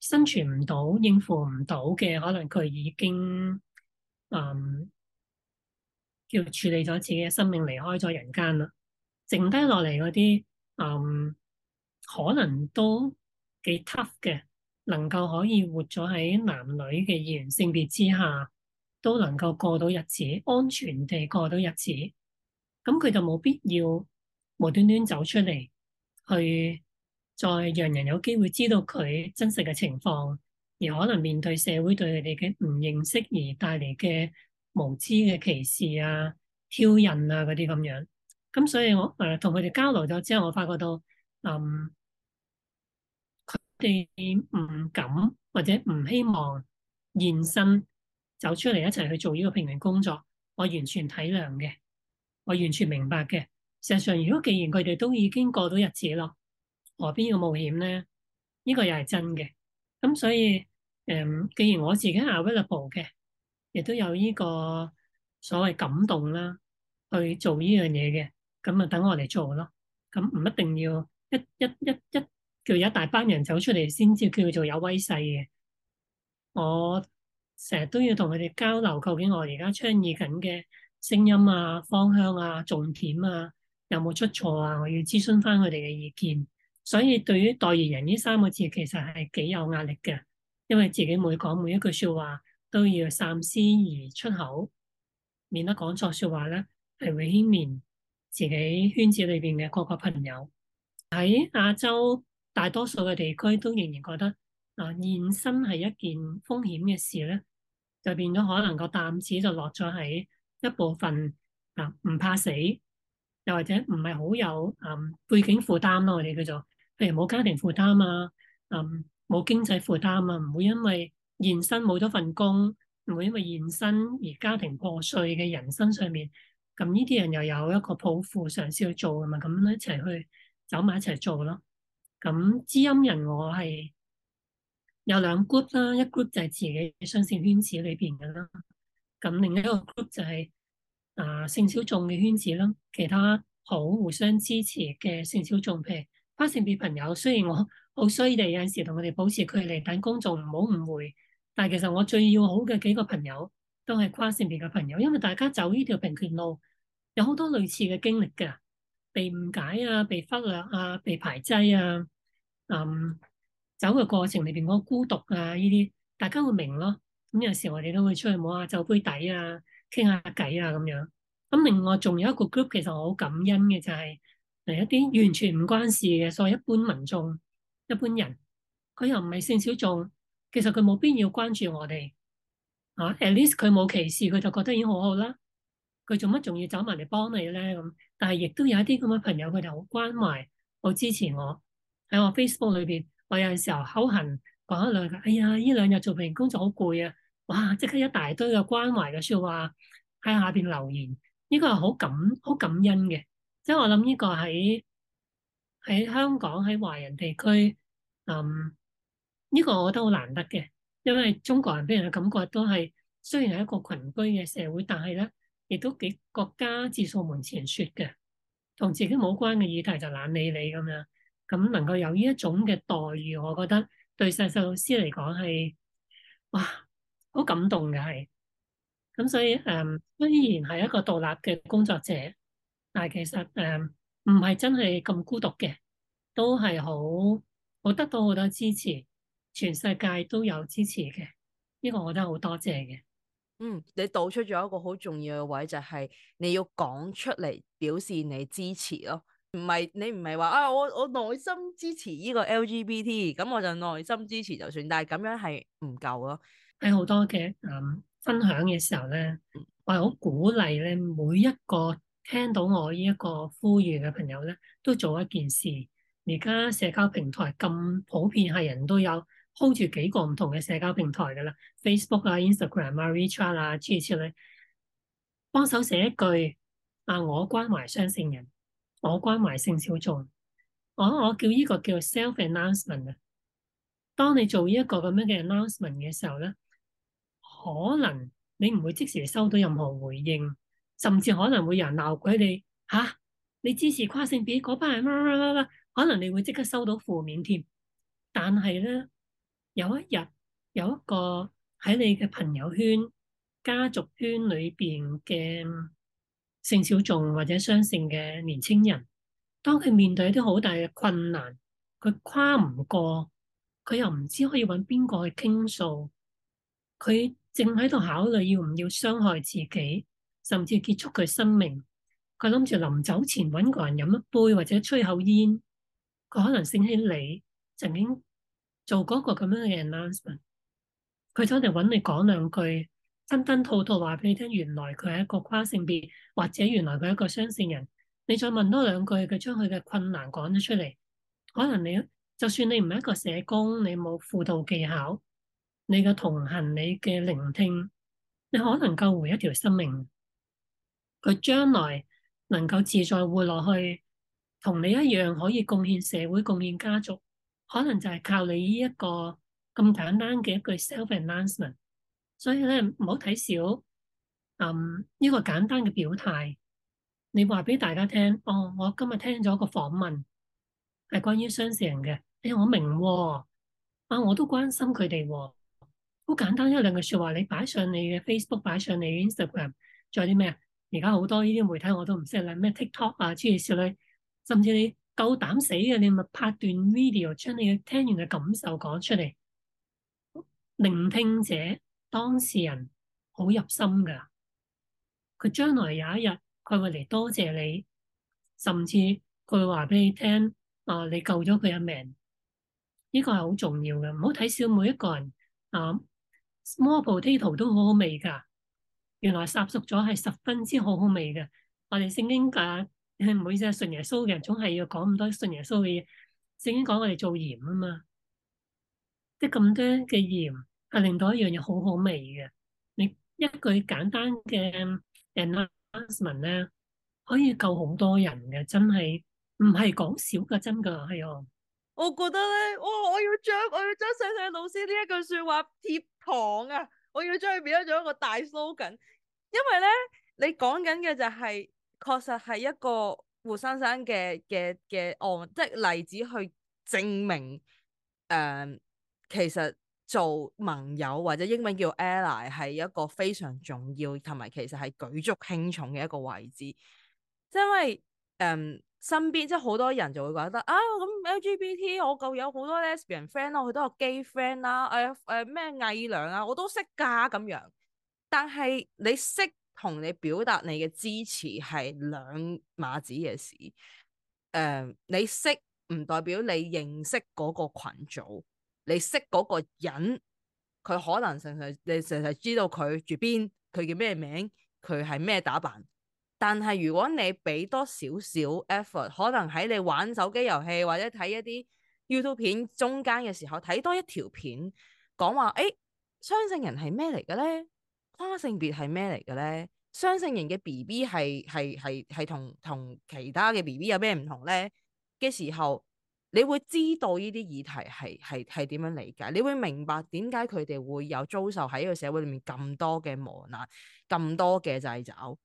生存唔到，應付唔到嘅，可能佢已經嗯、um, 叫處理咗自己嘅生命，離開咗人間啦。剩低落嚟嗰啲嗯，um, 可能都幾 tough 嘅，能夠可以活咗喺男女嘅二元性別之下，都能夠過到日子，安全地過到日子，咁佢就冇必要無端端走出嚟去。再讓人有機會知道佢真實嘅情況，而可能面對社會對佢哋嘅唔認識而帶嚟嘅無知嘅歧視啊、挑釁啊嗰啲咁樣。咁所以我誒同佢哋交流咗之後，我發覺到，嗯，佢哋唔敢或者唔希望現身走出嚟一齊去做呢個平權工作，我完全體諒嘅，我完全明白嘅。事實上，如果既然佢哋都已經過到日子咯。河邊嘅冒險咧，呢、呢個又係真嘅。咁所以誒、嗯，既然我自己 available 嘅，亦都有呢個所謂感動啦，去做呢樣嘢嘅，咁啊等我哋做咯。咁唔一定要一一一一,一叫一大班人走出嚟先至叫做有威勢嘅。我成日都要同佢哋交流，究竟我而家倡議緊嘅聲音啊、方向啊、重點啊，有冇出錯啊？我要諮詢翻佢哋嘅意見。所以對於代言人呢三個字，其實係幾有壓力嘅，因為自己每講每一句説話都要三思而出口，免得講錯説話咧，係會牽連自己圈子裏邊嘅各個朋友。喺亞洲大多數嘅地區都仍然覺得啊現身係一件風險嘅事咧，就變咗可能個擔子就落咗喺一部分啊唔怕死，又或者唔係好有啊背景負擔咯，我哋叫做。譬如冇家庭負擔啊，嗯，冇經濟負擔啊，唔會因為現身冇咗份工，唔會因為現身而家庭破碎嘅人身上面，咁呢啲人又有一個抱負，嘗試去做嘛，咪咁一齊去走埋一齊做咯。咁知音人我係有兩 group 啦，一 group 就係自己嘅雙性圈子裏邊嘅啦，咁另一個 group 就係啊性小眾嘅圈子啦，其他好互相支持嘅性小眾譬如，跨性別朋友，雖然我好衰地有陣時同佢哋保持距離，等公眾唔好誤會，但係其實我最要好嘅幾個朋友都係跨性別嘅朋友，因為大家走呢條平權路，有好多類似嘅經歷嘅，被誤解啊，被啊，被忽略啊，被排擠啊，嗯，走嘅過程裏邊嗰個孤獨啊，呢啲大家會明咯。咁有陣時我哋都會出去摸下酒杯底啊，傾下偈啊咁樣。咁另外仲有一個 group，其實我好感恩嘅就係。係一啲完全唔關事嘅，所謂一般民眾、一般人，佢又唔係性小眾，其實佢冇必要關注我哋。啊，at least 佢冇歧視，佢就覺得已經好好啦。佢做乜仲要走埋嚟幫你咧？咁、嗯，但係亦都有一啲咁嘅朋友，佢就好關懷、好支持我喺我 Facebook 裏邊。我有陣時候口痕講一兩句，哎呀，呢兩日做平權工作好攰啊！哇，即刻一大堆嘅關懷嘅說話喺下邊留言，呢個係好感、好感恩嘅。因為我諗呢個喺喺香港喺華人地區，嗯，呢個我覺得好難得嘅，因為中國人俾人嘅感覺都係雖然係一個群居嘅社會，但係咧亦都幾國家自掃門前雪嘅，同自己冇關嘅議題就懶理你咁樣。咁能夠有呢一種嘅待遇，我覺得對細細老師嚟講係哇好感動嘅，係。咁所以誒，依然係一個獨立嘅工作者。但係其實誒，唔係真係咁孤獨嘅，都係好，我得到好多支持，全世界都有支持嘅，呢個我覺得好多謝嘅。嗯，你道出咗一個好重要嘅位，就係你要講出嚟表示你支持咯，唔係你唔係話啊，我我內心支持呢個 LGBT，咁我就內心支持就算，但係咁樣係唔夠咯。喺好多嘅誒分享嘅時候咧，我係好鼓勵咧每一個聽到我呢一個呼籲嘅朋友咧，都做一件事。而家社交平台咁普遍，係人都有 hold 住幾個唔同嘅社交平台嘅啦 (music) ，Facebook 啊、Instagram 啊、Twitter 啊、Gmail，幫手寫一句啊，我關懷雙性人，我關懷性小眾。我我叫呢個叫 self announcement 啊。當你做呢一個咁樣嘅 announcement 嘅時候咧，可能你唔會即時收到任何回應。甚至可能會有人鬧佢哋：「啊嚇，你支持跨性別嗰班人，可能你會即刻收到負面貼。」但係咧，有一日有一個喺你嘅朋友圈、家族圈裏邊嘅性小眾或者雙性嘅年青人，當佢面對一啲好大嘅困難，佢跨唔過，佢又唔知可以揾邊個去傾訴，佢正喺度考慮要唔要傷害自己。甚至結束佢生命，佢諗住臨走前揾個人飲一杯或者吹口煙。佢可能醒起你曾經做嗰個咁樣嘅 announcement，佢想嚟揾你講兩句，吞吞吐吐話俾你聽。原來佢係一個跨性別，或者原來佢係一個雙性人。你再問多兩句，佢將佢嘅困難講咗出嚟。可能你就算你唔係一個社工，你冇輔導技巧，你嘅同行，你嘅聆聽，你可能救回一條生命。佢將來能夠自在活落去，同你一樣可以貢獻社會、貢獻家族，可能就係靠你呢一個咁簡單嘅一句 self-announcement。所以咧，唔好睇少，嗯，呢個簡單嘅表態，你話俾大家聽。哦，我今日聽咗個訪問，係關於雙性人嘅。哎，我明、哦，啊，我都關心佢哋、哦。好簡單一兩句說話，你擺上你嘅 Facebook，擺上你 Instagram，仲有啲咩啊？而家好多呢啲媒體我都唔識啦，咩 TikTok 啊、諸如此類，甚至你夠膽死嘅，你咪拍段 video 將你嘅聽完嘅感受講出嚟，聆聽者、當事人好入心噶。佢將來有一日，佢會嚟多謝你，甚至佢會話俾你聽啊，你救咗佢一命。呢個係好重要嘅，唔好睇小每一個人啊。Small potato 都好好味噶。原來烚熟咗係十分之好好味嘅。我哋聖經啊，唔好意思啊，信耶穌嘅人總係要講咁多信耶穌嘅嘢。聖經講我哋做鹽啊嘛，即咁多嘅鹽係令到一樣嘢好好味嘅。你一句簡單嘅 announcement 咧，可以救好多人嘅，真係唔係講少噶，真噶係哦。我覺得咧，我我要將我要將細細老師呢一句說話貼糖啊！我要將佢變得做一個大 slogan，因為咧，你講緊嘅就係、是、確實係一個活生生嘅嘅嘅案，即係例子去證明誒、呃，其實做盟友或者英文叫 ally 係一個非常重要同埋其實係舉足輕重嘅一個位置，即因為誒。呃身邊即係好多人就會覺得啊，咁 LGBT 我夠有好多 Lesbian friend 啦、啊，佢都有 gay friend 啦，誒誒咩偽娘啊，我都識噶咁樣但係你識同你表達你嘅支持係兩碼子嘅事。誒、呃，你識唔代表你認識嗰個群組，你識嗰個人，佢可能成日你成日知道佢住邊，佢叫咩名，佢係咩打扮。但係如果你俾多少少 effort，可能喺你玩手機遊戲或者睇一啲 YouTube 片中間嘅時候，睇多一條片，講話誒雙性人係咩嚟嘅咧？跨性別係咩嚟嘅咧？雙性人嘅 BB 係係係係同同其他嘅 BB 有咩唔同咧？嘅時候，你會知道呢啲議題係係係點樣理解，你會明白點解佢哋會有遭受喺呢個社會裏面咁多嘅磨難，咁多嘅掣肘。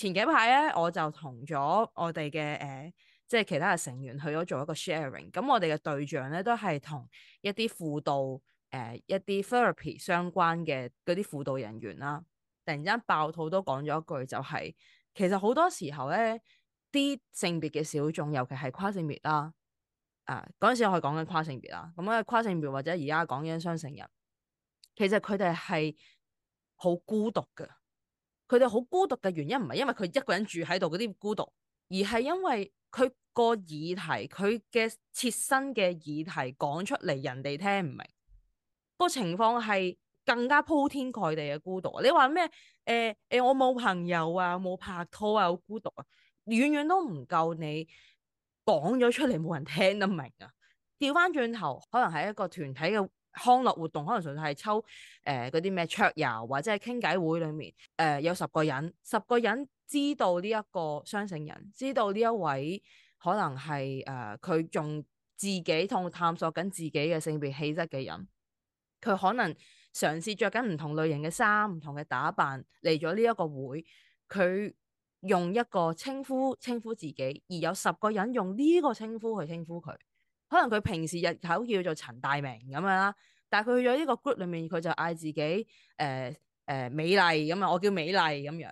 前幾排咧，我就同咗我哋嘅誒，即係其他嘅成員去咗做一個 sharing。咁我哋嘅對象咧，都係同一啲輔導誒、呃、一啲 therapy 相關嘅嗰啲輔導人員啦、啊。突然之間爆肚都講咗一句，就係，就係其實好多時候咧，啲性別嘅小眾，尤其係跨性別啦，啊嗰陣時我係講緊跨性別啦。咁啊，跨性別或者而家講緊雙性人，其實佢哋係好孤獨嘅。佢哋好孤獨嘅原因唔係因為佢一個人住喺度嗰啲孤獨，而係因為佢個議題、佢嘅切身嘅議題講出嚟人哋聽唔明，個情況係更加鋪天蓋地嘅孤獨。你話咩？誒、呃、誒、呃，我冇朋友啊，冇拍拖啊，好孤獨啊，遠遠都唔夠你講咗出嚟冇人聽得明啊！調翻轉頭，可能係一個團體嘅。康樂活動可能純粹係抽誒嗰啲咩桌遊或者係傾偈會裏面誒、呃、有十個人，十個人知道呢一個雙性人，知道呢一位可能係誒佢仲自己同探索緊自己嘅性別氣質嘅人，佢可能嘗試着緊唔同類型嘅衫，唔同嘅打扮嚟咗呢一個會，佢用一個稱呼稱呼自己，而有十個人用呢個稱呼去稱呼佢。可能佢平時日頭叫做陳大明咁樣啦，但係佢去咗呢個 group 裏面，佢就嗌自己誒誒、呃呃、美麗咁啊，我叫美麗咁樣。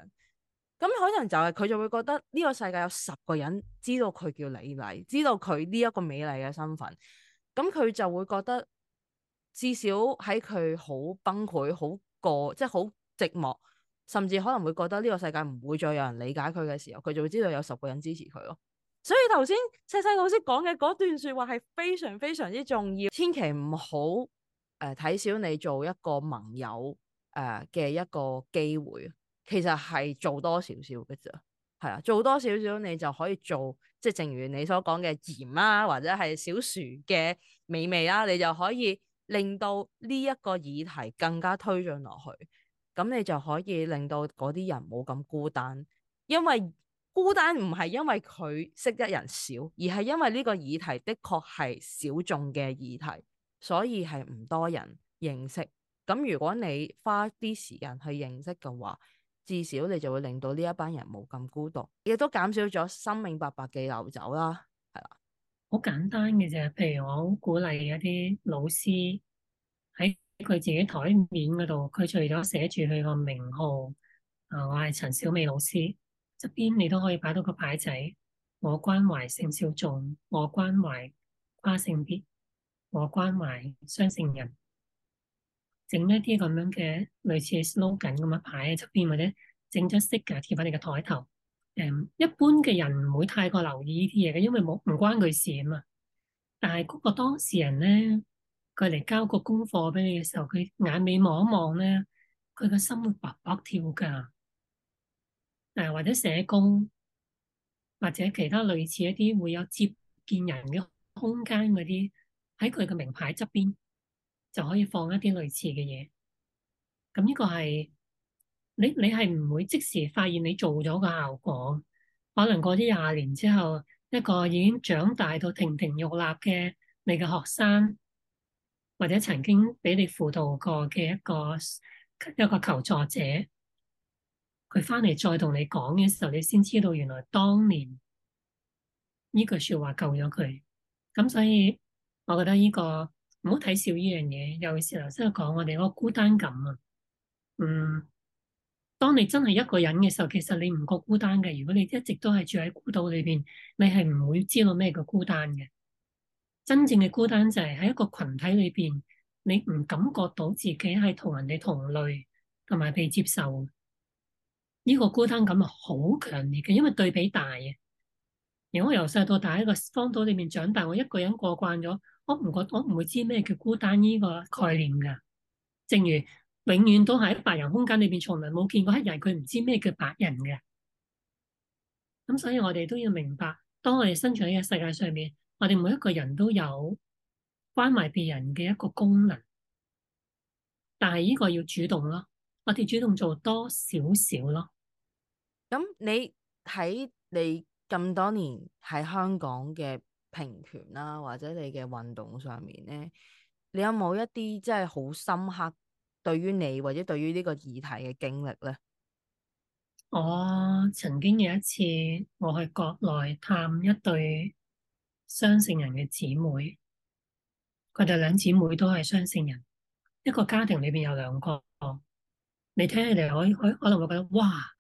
咁可能就係、是、佢就會覺得呢個世界有十個人知道佢叫李麗，知道佢呢一個美麗嘅身份，咁佢就會覺得至少喺佢好崩潰、好過即係好寂寞，甚至可能會覺得呢個世界唔會再有人理解佢嘅時候，佢就會知道有十個人支持佢咯。所以頭先細細老師講嘅嗰段說話係非常非常之重要，千要，千祈唔好誒睇小你做一個盟友誒嘅、呃、一個機會。其實係做多少少嘅啫，係啊，做多少少你就可以做，即係正如你所講嘅鹽啦、啊，或者係小薯嘅美味啦、啊，你就可以令到呢一個議題更加推進落去，咁你就可以令到嗰啲人冇咁孤單，因為。孤單唔係因為佢識得人少，而係因為呢個議題的確係小眾嘅議題，所以係唔多人認識。咁如果你花啲時間去認識嘅話，至少你就會令到呢一班人冇咁孤獨，亦都減少咗生命白白嘅流走啦。係啦，好簡單嘅啫。譬如我好鼓勵一啲老師喺佢自己台面嗰度，佢除咗寫住佢個名號，啊、呃，我係陳小美老師。側邊你都可以擺到個牌仔，我關懷性小眾，我關懷跨性別，我關懷雙性人，整一啲咁樣嘅類似 slogan 咁嘅牌喺側邊，或者整咗色嘅貼喺你嘅台頭。誒，um，一般嘅人唔會太過留意呢啲嘢嘅，因為冇唔關佢事啊嘛。但係嗰個當事人咧，佢嚟交個功課俾你嘅時候，佢眼尾望一望咧，佢嘅心會卜卜跳㗎。誒，或者社工或者其他類似一啲會有接見人嘅空間嗰啲，喺佢嘅名牌側邊就可以放一啲類似嘅嘢。咁呢個係你你係唔會即時發現你做咗個效果，可能過啲廿年之後，一個已經長大到亭亭玉立嘅你嘅學生，或者曾經俾你輔導過嘅一個一個求助者，佢翻嚟再同你講嘅時候，你先知道原來當年呢句說話救咗佢。咁所以我覺得呢個唔好睇笑呢樣嘢。尤其是頭先講我哋嗰個孤單感啊，嗯，當你真係一個人嘅時候，其實你唔覺孤單嘅。如果你一直都係住喺孤島裏邊，你係唔會知道咩叫孤單嘅。真正嘅孤單就係喺一個群體裏邊，你唔感覺到自己係同人哋同類，同埋被接受。呢個孤單感啊，好強烈嘅，因為對比大嘅。如果我由細到大喺個荒島裏面長大，我一個人過慣咗，我唔覺，我唔會知咩叫孤單呢個概念㗎。正如永遠都喺白人空間裏面，從來冇見過黑人，佢唔知咩叫白人嘅。咁所以我哋都要明白，當我哋生存喺個世界上面，我哋每一個人都有關埋別人嘅一個功能，但係呢個要主動咯，我哋主動做多少少咯。咁你喺你咁多年喺香港嘅平權啦，啊，或者你嘅運動上面咧，你有冇一啲即係好深刻對於你或者對於呢個議題嘅經歷咧？我曾經有一次我去國內探一對雙性人嘅姊妹，佢哋兩姊妹都係雙性人，一個家庭裏邊有兩個。你聽起嚟，可可可能會覺得哇！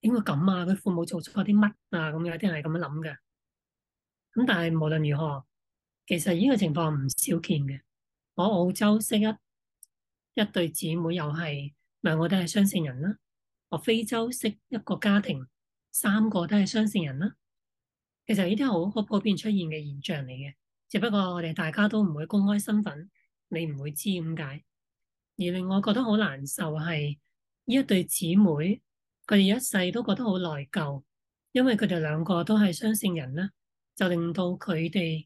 點會咁啊？佢父母做錯啲乜啊？咁有啲人係咁樣諗嘅。咁但係無論如何，其實呢個情況唔少見嘅。我澳洲識一，一對姊妹又係，兩個都係雙性人啦。我非洲識一個家庭，三個都係雙性人啦。其實呢啲好好普遍出現嘅現象嚟嘅，只不過我哋大家都唔會公開身份，你唔會知點解。而令我覺得好難受係，呢一對姊妹。佢哋一世都覺得好內疚，因為佢哋兩個都係雙性人咧，就令到佢哋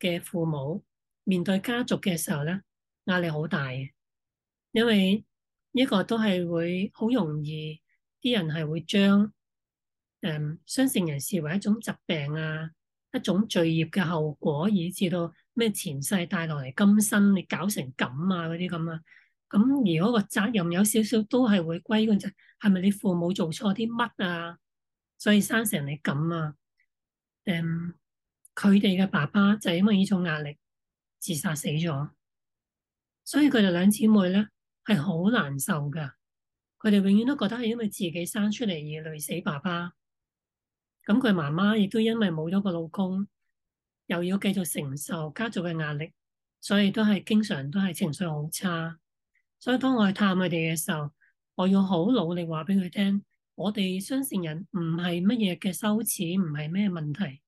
嘅父母面對家族嘅時候咧，壓力好大嘅。因為呢個都係會好容易啲人係會將誒、嗯、雙性人視為一種疾病啊，一種罪孽嘅後果，以至到咩前世帶落嚟今生，你搞成咁啊嗰啲咁啊。咁如果個責任有少少都係會歸，個就係咪你父母做錯啲乜啊？所以生成你咁啊？誒，佢哋嘅爸爸就係因為呢種壓力自殺死咗，所以佢哋兩姊妹咧係好難受噶。佢哋永遠都覺得係因為自己生出嚟而累死爸爸。咁佢媽媽亦都因為冇咗個老公，又要繼續承受家族嘅壓力，所以都係經常都係情緒好差。所以當我去探佢哋嘅時候，我要好努力話俾佢聽，我哋雙性人唔係乜嘢嘅羞恥，唔係咩問題，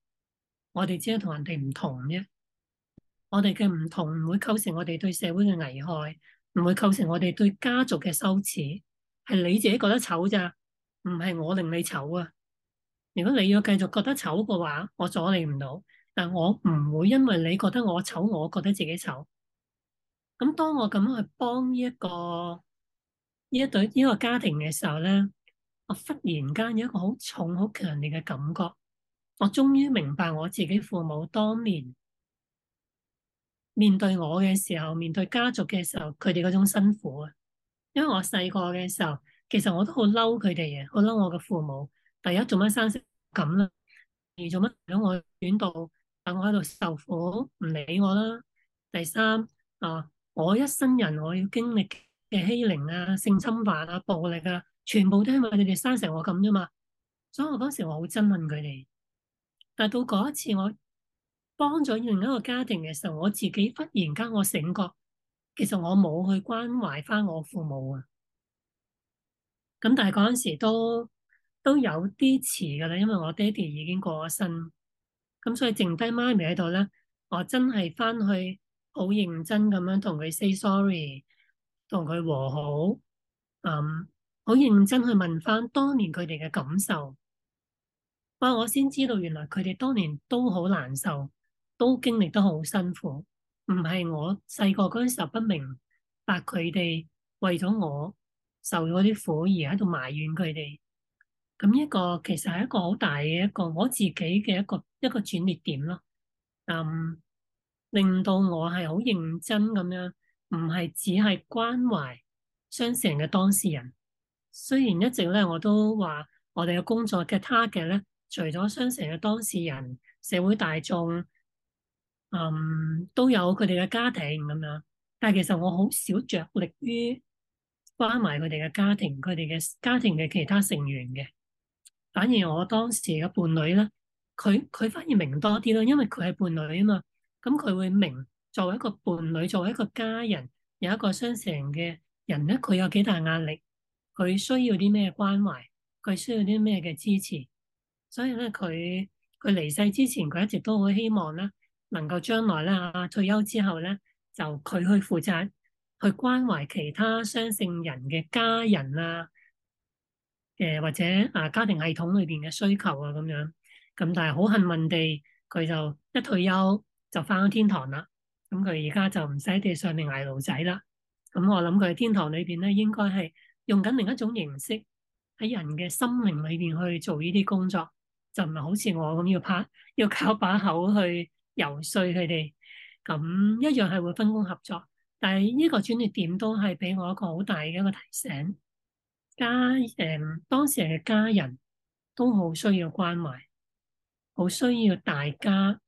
我哋只係同人哋唔同啫。我哋嘅唔同唔會構成我哋對社會嘅危害，唔會構成我哋對家族嘅羞恥，係你自己覺得醜咋，唔係我令你醜啊。如果你要繼續覺得醜嘅話，我阻你唔到，但我唔會因為你覺得我醜，我覺得自己醜。咁當我咁樣去幫呢、這、一個呢一對呢個家庭嘅時候咧，我忽然間有一個好重、好強烈嘅感覺，我終於明白我自己父母當年面對我嘅時候，面對家族嘅時候，佢哋嗰種辛苦啊！因為我細個嘅時候，其實我都好嬲佢哋嘅，好嬲我嘅父母。第一，做乜生息咁啦？而做乜想我轉度？等我喺度受苦，唔理我啦。第三啊～我一生人，我要經歷嘅欺凌啊、性侵犯啊、暴力啊，全部都係因為你哋生成我咁啫嘛。所以我當時我好憎問佢哋，但到嗰一次我幫咗另一個家庭嘅時候，我自己忽然間我醒覺，其實我冇去關懷翻我父母啊。咁但係嗰陣時都都有啲遲㗎啦，因為我爹哋已經過咗身，咁所以剩低媽咪喺度咧，我真係翻去。好認真咁樣同佢 say sorry，同佢和好，嗯，好認真去問翻當年佢哋嘅感受，哇！我先知道原來佢哋當年都好難受，都經歷得好辛苦，唔係我細個嗰陣時候不明白佢哋為咗我受咗啲苦而喺度埋怨佢哋，咁一個其實係一個好大嘅一個我自己嘅一個一個轉捩點咯，嗯。令到我係好認真咁樣，唔係只係關懷雙性人嘅當事人。雖然一直咧我都話，我哋嘅工作嘅 target 咧，除咗雙性人嘅當事人、社會大眾，嗯，都有佢哋嘅家庭咁樣。但係其實我好少着力於關埋佢哋嘅家庭，佢哋嘅家庭嘅其他成員嘅。反而我當時嘅伴侶咧，佢佢反而明多啲咯，因為佢係伴侶啊嘛。咁佢會明，作為一個伴侶，作為一個家人，有一個雙性嘅人咧，佢有幾大壓力，佢需要啲咩關懷，佢需要啲咩嘅支持。所以咧，佢佢離世之前，佢一直都好希望咧，能夠將來咧，退休之後咧，就佢去負責去關懷其他雙性人嘅家人啊，誒或者啊家庭系統裏邊嘅需求啊咁樣。咁但係好幸運地，佢就一退休。就返咗天堂啦。咁佢而家就唔使喺地上面捱路仔啦。咁我諗佢喺天堂裏邊咧，應該係用緊另一種形式喺人嘅心靈裏邊去做呢啲工作，就唔係好似我咁要拍，要靠把口去遊說佢哋。咁一樣係會分工合作。但係呢個轉捩點都係俾我一個好大嘅一個提醒。家誒、呃，當時嘅家人都好需要關懷，好需要大家。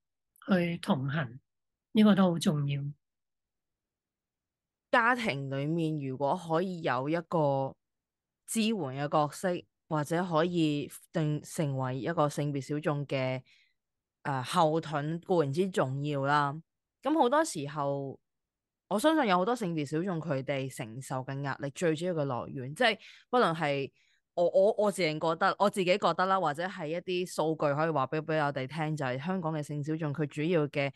去同行，呢、這個都好重要。家庭裏面如果可以有一個支援嘅角色，或者可以定成為一個性別小眾嘅誒、呃、後盾，固然之重要啦。咁好多時候，我相信有好多性別小眾佢哋承受嘅壓力，最主要嘅來源即係不論係。我我我自認覺得，我自己覺得啦，或者係一啲數據可以話俾俾我哋聽，就係、是、香港嘅性小眾，佢主要嘅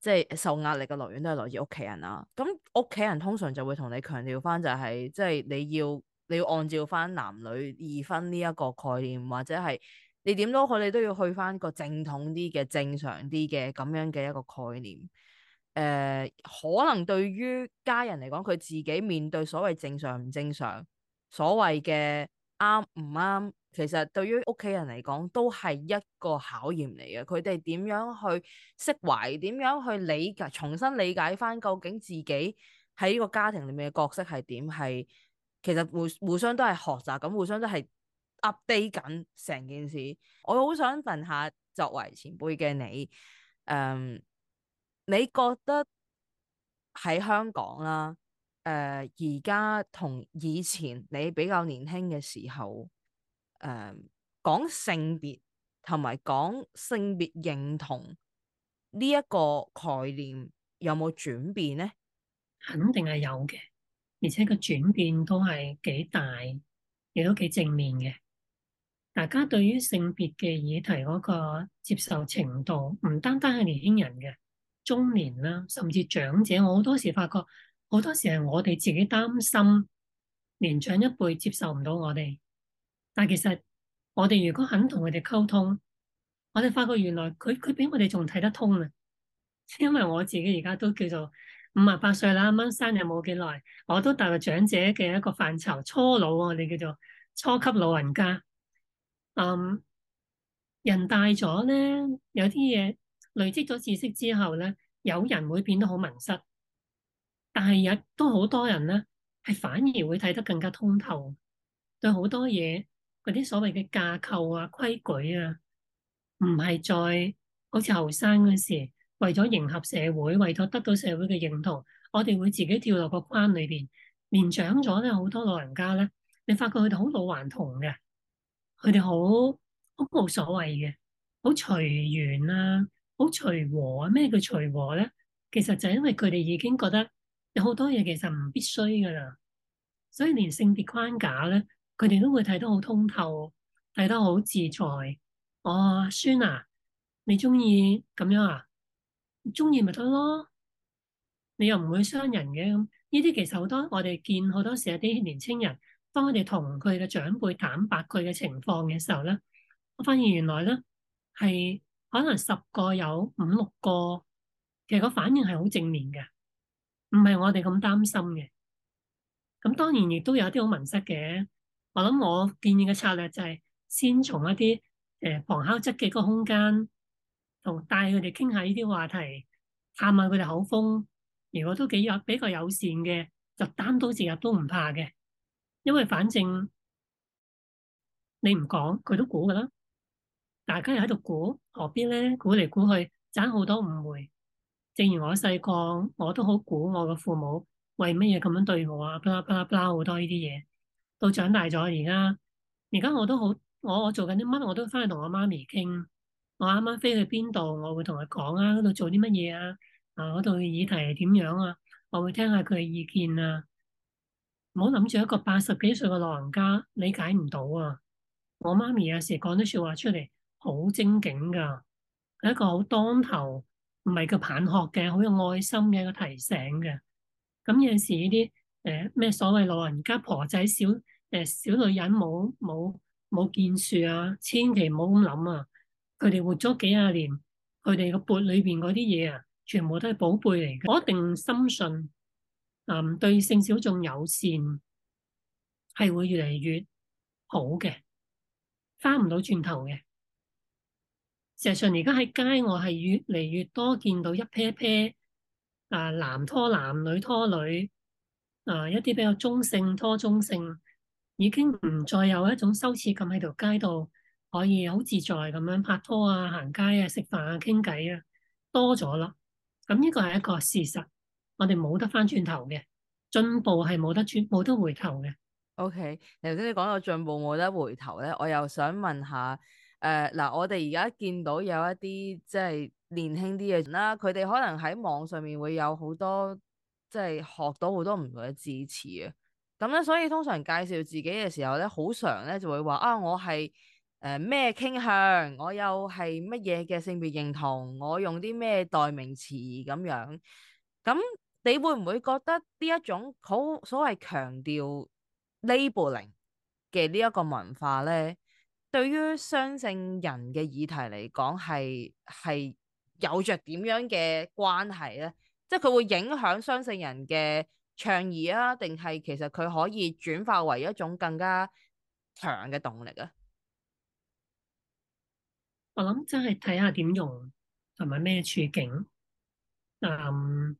即係受壓力嘅來源都係來自屋企人啦。咁屋企人通常就會同你強調返，就係即係你要你要按照返男女二分呢一個概念，或者係你點都好，你都要去返個正統啲嘅正常啲嘅咁樣嘅一個概念。誒、呃，可能對於家人嚟講，佢自己面對所謂正常唔正常，所謂嘅。啱唔啱？其實對於屋企人嚟講，都係一個考驗嚟嘅。佢哋點樣去釋懷？點樣去理解？重新理解翻，究竟自己喺個家庭裡面嘅角色係點？係其實互互相都係學習，咁互相都係 update 緊成件事。我好想問下，作為前輩嘅你，誒、嗯，你覺得喺香港啦、啊？誒，而家同以前你比較年輕嘅時候，誒，講性別同埋講性別認同呢一個概念有冇轉變咧？肯定係有嘅，而且個轉變都係幾大，亦都幾正面嘅。大家對於性別嘅議題嗰個接受程度，唔單單係年輕人嘅，中年啦，甚至長者，我好多時發覺。好多時係我哋自己擔心年長一輩接受唔到我哋，但其實我哋如果肯同佢哋溝通，我哋發覺原來佢佢比我哋仲睇得通啊！因為我自己而家都叫做五啊八歲啦，啱啱生日冇幾耐，我都踏入長者嘅一個範疇，初老我哋叫做初級老人家。嗯，人大咗咧，有啲嘢累積咗知識之後咧，有人會變得好文質。但係亦都好多人咧，係反而會睇得更加通透，對好多嘢嗰啲所謂嘅架構啊、規矩啊，唔係再好似後生嗰時為咗迎合社會、為咗得到社會嘅認同，我哋會自己跳落個框裏邊。年長咗咧，好多老人家咧，你發覺佢哋好老頑童嘅，佢哋好好冇所謂嘅，好隨緣啊，好隨和啊。咩叫隨和咧？其實就係因為佢哋已經覺得。有好多嘢其實唔必須噶啦，所以連性別框架咧，佢哋都會睇得好通透，睇得好自在。我、哦、孫啊，你中意咁樣啊，中意咪得咯，你又唔會傷人嘅咁。呢啲其實好多我哋見好多時，一啲年青人當我哋同佢嘅長輩坦白佢嘅情況嘅時候咧，我發現原來咧係可能十個有五六個，其實個反應係好正面嘅。唔係我哋咁擔心嘅，咁當然亦都有啲好文質嘅。我諗我建議嘅策略就係先從一啲誒旁敲側擊嘅個空間，同帶佢哋傾下呢啲話題，探下佢哋口風。如果都幾有比較友善嘅，就單刀直入都唔怕嘅，因為反正你唔講，佢都估㗎啦。大家又喺度估，何必呢？估嚟估去，掙好多誤會。正如我細個，我都好估我個父母為乜嘢咁樣對我啊，不拉不拉不拉好多呢啲嘢。到長大咗，而家而家我都好，我我做緊啲乜我都翻去同我媽咪傾。我啱啱飛去邊度，我會同佢講啊，嗰度做啲乜嘢啊，啊嗰度議題係點樣啊，我會聽下佢嘅意見啊。唔好諗住一個八十幾歲嘅老人家理解唔到啊。我媽咪有時講啲説話出嚟，好精警㗎，係一個好當頭。唔係個棒喝嘅，好有愛心嘅一個提醒嘅。咁有時呢啲誒咩所謂老人家婆仔小誒、呃、小女人冇冇冇見樹啊，千祈唔好咁諗啊！佢哋活咗幾廿年，佢哋個缽裏邊嗰啲嘢啊，全部都係寶貝嚟嘅。我一定深信，嗱、呃、對性小眾友善係會越嚟越好嘅，翻唔到轉頭嘅。事實上，而家喺街，我係越嚟越多見到一 pair pair 啊，男拖男女拖女啊、呃、一啲比較中性拖中性，已經唔再有一種羞恥感喺條街度可以好自在咁樣拍拖啊、行街啊、食飯啊、傾偈啊，多咗咯。咁呢個係一個事實，我哋冇得翻轉頭嘅進步係冇得轉冇得回頭嘅。OK，頭先你講到進步冇得回頭咧，我又想問下。誒嗱，uh, 我哋而家見到有一啲即係年輕啲嘅人啦，佢哋可能喺網上面會有好多即係學到好多唔同嘅字詞啊。咁咧，所以通常介紹自己嘅時候咧，好常咧就會話啊，我係誒咩傾向，我又係乜嘢嘅性別認同，我用啲咩代名詞咁樣。咁你會唔會覺得呢一種好所謂強調 labeling 嘅呢一個文化咧？對於雙性人嘅議題嚟講，係係有着點樣嘅關係咧？即係佢會影響雙性人嘅倡議啊，定係其實佢可以轉化為一種更加強嘅動力咧、啊？我諗真係睇下點用同埋咩處境。嗯，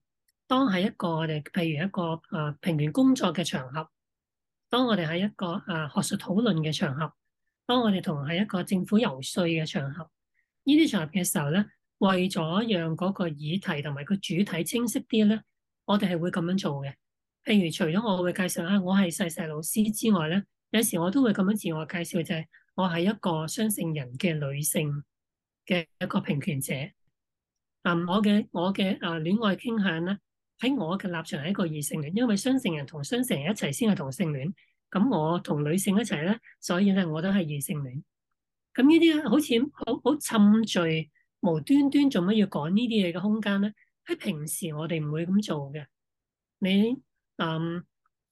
當喺一個我哋譬如一個啊、呃、平權工作嘅場合，當我哋喺一個啊、呃、學術討論嘅場合。當我哋同喺一個政府遊説嘅場合，呢啲場合嘅時候咧，為咗讓嗰個議題同埋個主題清晰啲咧，我哋係會咁樣做嘅。譬如除咗我會介紹下、啊、我係細細老師之外咧，有時我都會咁樣自我介紹、就係，就係我係一個雙性人嘅女性嘅一個平權者。嗯，我嘅我嘅啊戀愛傾向咧，喺我嘅立場係一個異性戀，因為雙性人同雙性人一齊先係同性戀。咁我同女性一齊咧，所以咧我都係異性戀。咁呢啲啊，好似好好滲醉，無端端做乜要講呢啲嘢嘅空間咧？喺平時我哋唔會咁做嘅。你嗯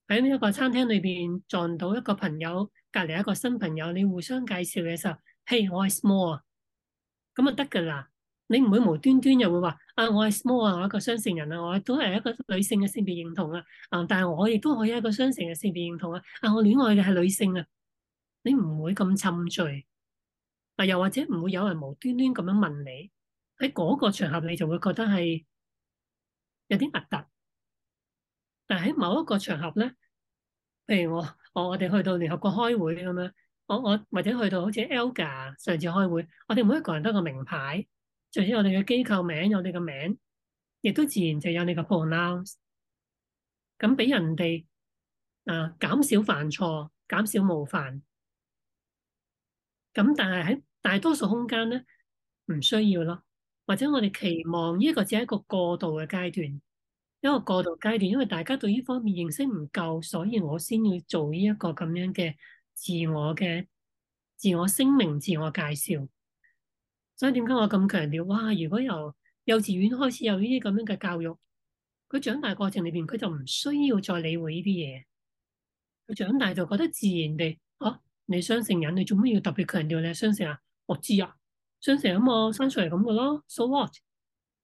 喺呢個餐廳裏邊撞到一個朋友，隔離一個新朋友，你互相介紹嘅時候，Hey，我係 small 啊，咁啊得㗎啦。你唔會無端端又會話啊，我係 small 啊，我一個雙性人啊，我都係一個女性嘅性別認同啊，啊、嗯，但係我亦都可以一個雙性嘅性別認同啊，啊，我戀愛嘅係女性啊，你唔會咁沉醉啊，又或者唔會有人無端端咁樣問你喺嗰個場合，你就會覺得係有啲核突。但喺某一個場合咧，譬如我我我哋去到聯合國開會咁樣，我我或者去到好似 Elga 上次開會，我哋每一個人都有個名牌。即使我哋嘅機構名有我哋嘅名，亦都自然就有你嘅 pronounce。咁俾人哋啊，減少犯錯，減少冒犯。咁但係喺大多數空間咧，唔需要咯。或者我哋期望呢一個只係一個過渡嘅階段，一個過渡階段，因為大家對呢方面認識唔夠，所以我先要做呢一個咁樣嘅自我嘅自我聲明、自我介紹。所以點解我咁強調？哇！如果由幼稚園開始有呢啲咁樣嘅教育，佢長大過程裏邊佢就唔需要再理會呢啲嘢。佢長大就覺得自然地嚇、啊，你雙性人，你做乜要特別強調你係雙性啊？我知啊，雙性啊嘛，生出嚟咁嘅咯，so what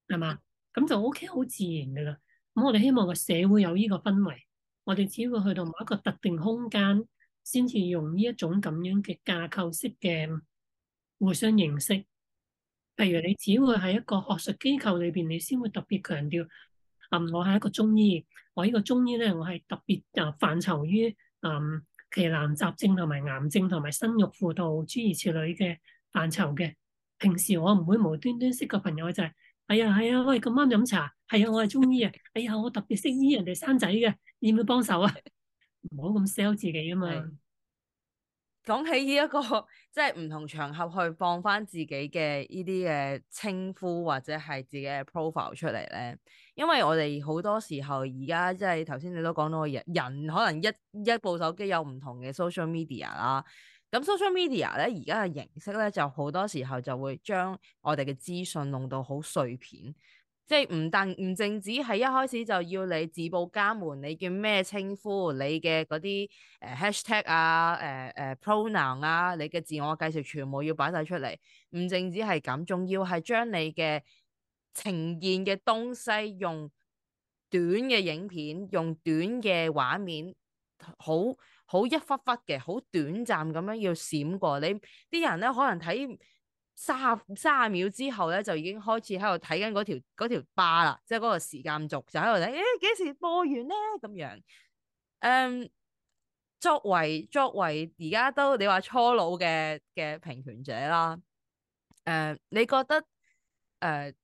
係嘛？咁就 OK，好自然嘅啦。咁我哋希望個社會有呢個氛圍，我哋只會去到某一個特定空間，先至用呢一種咁樣嘅架構式嘅互相認識。譬如你只會喺一個學術機構裏邊，你先會特別強調，嗯，我係一個中醫，我呢個中醫咧，我係特別啊範疇於嗯其男雜症同埋癌症同埋生育輔導諸如此類嘅範疇嘅。平時我唔會無端端識個朋友就係、是，係啊係啊，喂咁啱飲茶，係、哎、啊我係中醫啊，哎呀我特別識醫人哋生仔嘅，要唔要幫手啊？唔好咁 sell 自己啊嘛。講起呢一個即係唔同場合去放翻自己嘅呢啲嘅稱呼或者係自己嘅 profile 出嚟咧，因為我哋好多時候而家即係頭先你都講到人，人可能一一部手機有唔同嘅 social media 啦，咁 social media 咧而家嘅形式咧就好多時候就會將我哋嘅資訊弄到好碎片。即係唔但唔淨止係一開始就要你自報家門，你叫咩稱呼，你嘅嗰啲誒、呃、hashtag 啊、誒、呃、誒、呃、pronoun 啊，你嘅自我介紹全部要擺晒出嚟。唔淨止係咁，仲要係將你嘅呈現嘅東西用短嘅影片、用短嘅畫面，好好一忽忽嘅、好短暫咁樣要閃過你啲人咧，可能睇。卅卅秒之後咧，就已經開始喺度睇緊嗰條嗰條巴啦，即係嗰個時間軸，就喺度睇誒幾時播完咧咁樣。誒、um,，作為作為而家都你話初老嘅嘅平權者啦，誒、um,，你覺得誒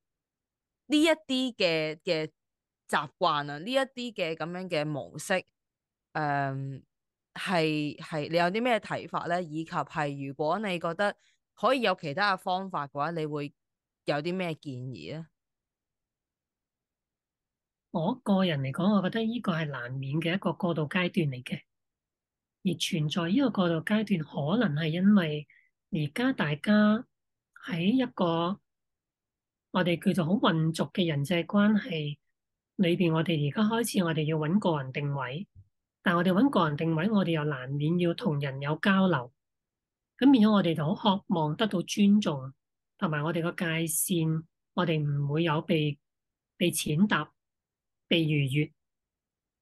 呢一啲嘅嘅習慣啊，呢一啲嘅咁樣嘅模式，誒係係你有啲咩睇法咧？以及係如果你覺得。可以有其他嘅方法嘅話，你會有啲咩建議啊？我個人嚟講，我覺得呢個係難免嘅一個過渡階段嚟嘅，而存在呢個過渡階段，可能係因為而家大家喺一個我哋叫做好混濁嘅人際關係裏邊，我哋而家開始我哋要揾個人定位，但我哋揾個人定位，我哋又難免要同人有交流。咁變咗，我哋就好渴望得到尊重，同埋我哋個界線，我哋唔會有被被踐踏、被逾越。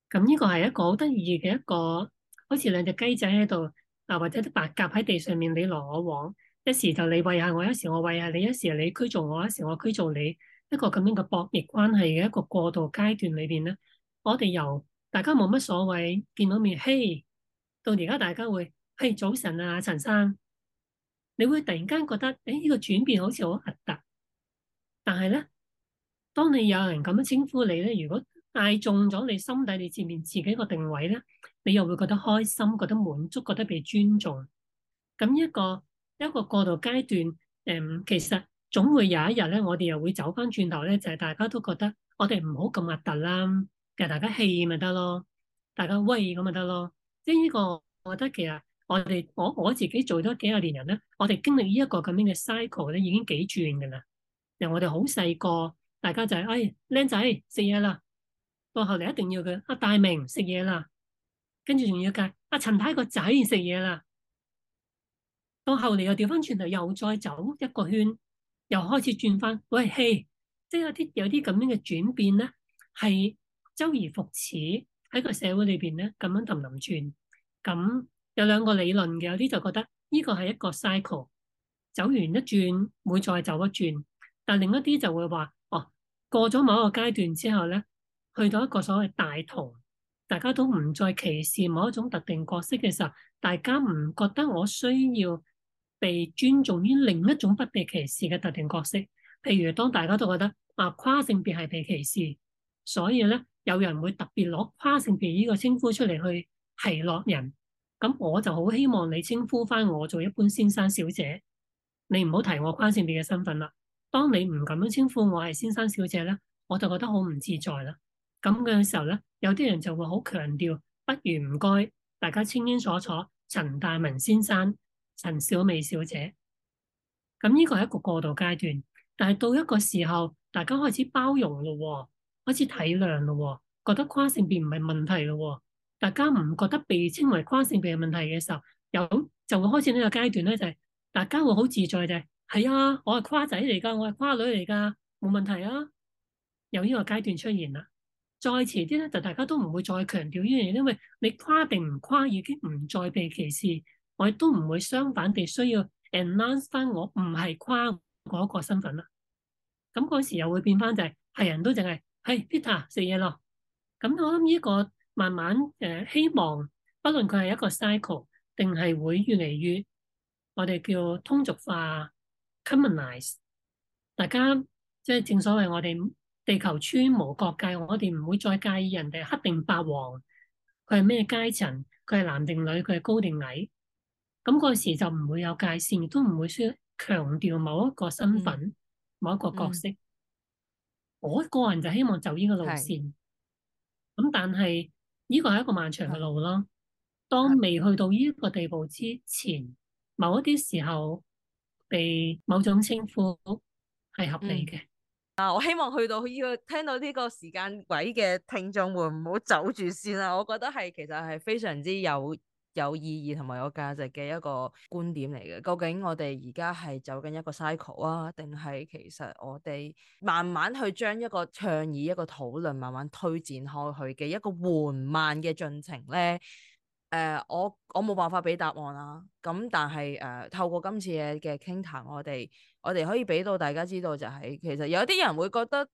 咁呢個係一個好得意嘅一個，好似兩隻雞仔喺度，啊或者啲白鴿喺地上面，你來我往，一時就你喂下我，一時我喂下你，一時你驅逐我，一時我驅逐你，一個咁樣嘅博弈關係嘅一個過渡階段裏邊咧，我哋由大家冇乜所謂見到面，嘿，到而家大家會嘿早晨啊，陳生。你會突然間覺得，誒，呢個轉變好似好核突。但係咧，當你有人咁樣稱呼你咧，如果嗌中咗你心底你前面自己個定位咧，你又會覺得開心、覺得滿足、覺得被尊重。咁一個一個過渡階段，誒，其實總會有一日咧，我哋又會走翻轉頭咧，就係大家都覺得我哋唔好咁核突啦，其實大家氣咪得咯，大家威咁咪得咯。即係呢個，我覺得其實。我哋我我自己做咗幾廿年人咧，我哋經歷呢一個咁樣嘅 cycle 咧，已經幾轉㗎啦。由我哋好細個，大家就係誒，靚仔食嘢啦，到後嚟一定要佢阿、啊、大明食嘢啦，跟住仲要嘅阿、啊、陳太個仔食嘢啦，到後嚟又調翻轉頭，又再走一個圈，又開始轉翻喂，嘿，即係有啲有啲咁樣嘅轉變咧，係周而復始喺個社會裏邊咧咁樣氹氹轉咁。有兩個理論嘅，有啲就覺得呢個係一個 cycle，走完一轉會再走一轉，但另一啲就會話：哦，過咗某一個階段之後咧，去到一個所謂大同，大家都唔再歧視某一種特定角色嘅時候，大家唔覺得我需要被尊重於另一種不被歧視嘅特定角色。譬如當大家都覺得啊跨性別係被歧視，所以咧有人會特別攞跨性別呢個稱呼出嚟去奚落人。咁我就好希望你稱呼翻我做一般先生小姐，你唔好提我跨性別嘅身份啦。當你唔咁樣稱呼我係先生小姐咧，我就覺得好唔自在啦。咁嘅時候咧，有啲人就會好強調，不如唔該，大家清清楚楚，陳大文先生、陳小美小姐。咁呢個係一個過渡階段，但係到一個時候，大家開始包容咯喎，開始體諒咯喎，覺得跨性別唔係問題咯喎。大家唔覺得被稱為跨性別嘅問題嘅時候，有就會開始呢個階段咧，就係、是、大家會好自在就係，係啊，我係跨仔嚟噶，我係跨女嚟噶，冇問題啊。有呢個階段出現啦。再遲啲咧，就大家都唔會再強調呢樣嘢，因為你跨定唔跨已經唔再被歧視，我亦都唔會相反地需要 announce 翻我唔係跨嗰個身份啦。咁、嗯、嗰時又會變翻就係、是，係人都淨係，係 Peter 食嘢咯。咁、嗯、我諗呢一個。慢慢誒、呃，希望，不論佢係一個 cycle，定係會越嚟越我哋叫通俗化 commonize，大家即係正所謂我哋地球村無國界，我哋唔會再介意人哋黑定白黃，佢係咩階層，佢係男定女，佢係高定矮，咁嗰時就唔會有界線，亦都唔會說強調某一個身份、嗯、某一個角色。嗯、我個人就希望走呢個路線，咁是但係。呢個係一個漫長嘅路咯。嗯、當未去到呢一個地步之前，嗯、某一啲時候被某種稱呼係合理嘅。嗱、嗯，我希望去到呢、呢個聽到呢個時間位嘅聽眾們，唔好走住先啦。我覺得係其實係非常之有。有意義同埋有價值嘅一個觀點嚟嘅，究竟我哋而家係走緊一個 cycle 啊，定係其實我哋慢慢去將一個倡議、一個討論慢慢推展開去嘅一個緩慢嘅進程咧？誒、呃，我我冇辦法俾答案啦、啊。咁但係誒、呃，透過今次嘅嘅傾談，談我，我哋我哋可以俾到大家知道就係、是、其實有啲人會覺得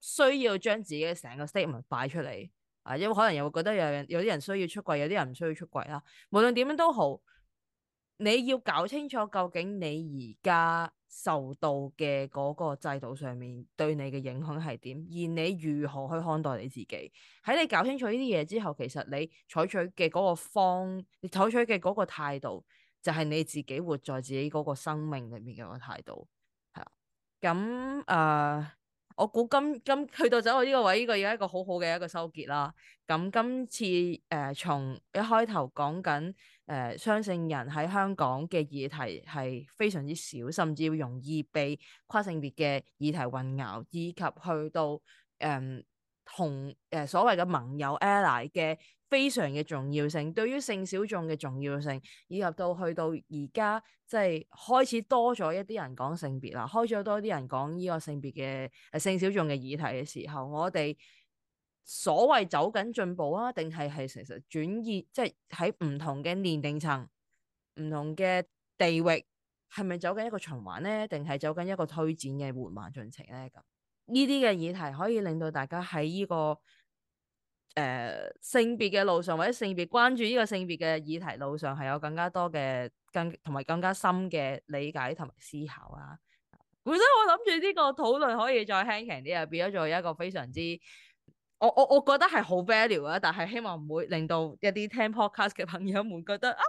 需要將自己成個 statement 擺出嚟。啊，因為可能又會覺得有人有啲人需要出櫃，有啲人唔需要出櫃啦。無論點樣都好，你要搞清楚究竟你而家受到嘅嗰個制度上面對你嘅影響係點，而你如何去看待你自己。喺你搞清楚呢啲嘢之後，其實你採取嘅嗰個方，你採取嘅嗰個態度，就係你自己活在自己嗰個生命裏面嘅個態度。係啊，咁誒。呃我估今今去到走我呢個位，呢個而家一個好好嘅一個收結啦。咁今次誒、呃、從一開頭講緊誒、呃、雙性人喺香港嘅議題係非常之少，甚至會容易被跨性別嘅議題混淆，以及去到誒、嗯、同誒、呃、所謂嘅盟友 Ally 嘅。非常嘅重要性，對於性小眾嘅重要性，以及到去到而家即係開始多咗一啲人講性別啦，開咗多啲人講呢個性別嘅誒性小眾嘅議題嘅時候，我哋所謂走緊進步啊，定係係其實轉移，即係喺唔同嘅年齡層、唔同嘅地域，係咪走緊一個循環呢？定係走緊一個推展嘅緩慢進程咧？咁呢啲嘅議題可以令到大家喺呢個。誒、呃、性別嘅路上，或者性別關注呢個性別嘅議題路上，係有更加多嘅更同埋更加深嘅理解同埋思考啊！本身我諗住呢個討論可以再輕強啲，變咗做一個非常之我我我覺得係好 value 啊！但係希望唔會令到一啲聽 podcast 嘅朋友們覺得啊，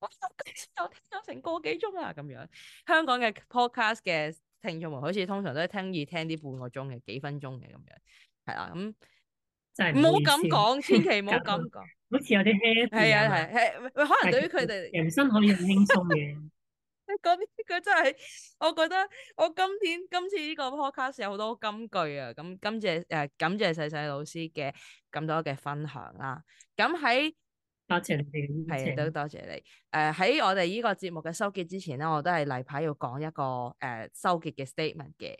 我今次又聽咗成個幾鐘啊！咁樣香港嘅 podcast 嘅聽眾們，好似通常都係聽二聽啲半個鐘嘅幾分鐘嘅咁樣，係啦咁。嗯唔好咁講，千祈唔好咁講。好似 (laughs) 有啲 app 係啊係，係、啊啊、可能對於佢哋人生可以咁輕鬆嘅。佢嗰邊佢真係，我覺得我今天今次呢個 podcast 有好多金句啊！咁、呃，感謝誒，感謝細細老師嘅咁多嘅分享啦、啊。咁喺多謝你哋，係都多謝你。誒，喺、啊呃、我哋呢個節目嘅收結之前咧，我都係例牌要講一個誒、呃、收結嘅 statement 嘅。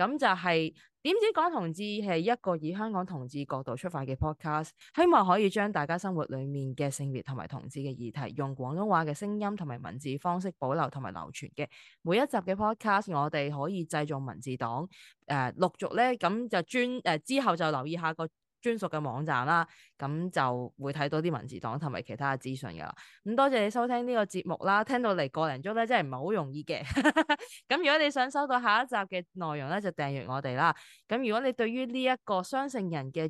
咁就係、是、點知講同志係一個以香港同志角度出發嘅 podcast，希望可以將大家生活裡面嘅性別同埋同志嘅議題，用廣東話嘅聲音同埋文字方式保留同埋流傳嘅。每一集嘅 podcast，我哋可以製造文字檔，誒、呃，陸續咧咁就專誒、呃、之後就留意下個。專屬嘅網站啦，咁就會睇到啲文字檔同埋其他嘅資訊噶啦。咁多謝你收聽呢個節目啦，聽到嚟個零鐘咧真係唔係好容易嘅。咁 (laughs) 如果你想收到下一集嘅內容咧，就訂閲我哋啦。咁如果你對於呢一個雙性人嘅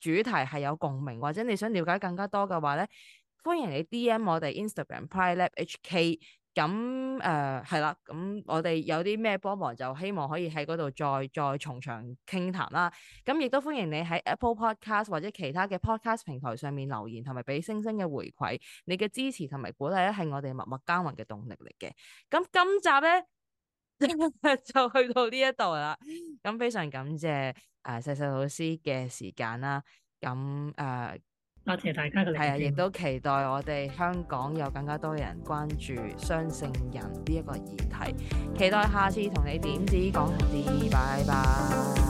主題係有共鳴，或者你想了解更加多嘅話咧，歡迎你 D M 我哋 Instagram p r i l a b HK。咁誒係啦，咁、呃、我哋有啲咩幫忙就希望可以喺嗰度再再從長傾談啦。咁亦都歡迎你喺 Apple Podcast 或者其他嘅 podcast 平台上面留言同埋俾星星嘅回饋，你嘅支持同埋鼓勵咧係我哋默默耕耘嘅動力嚟嘅。咁今集咧 (laughs) (laughs) 就去到呢一度啦。咁非常感謝誒、呃、細細老師嘅時間啦。咁誒。呃多謝大家嘅，係啊！亦都期待我哋香港有更加多人關注雙性人呢一個議題，期待下次同你點子講點子，拜拜。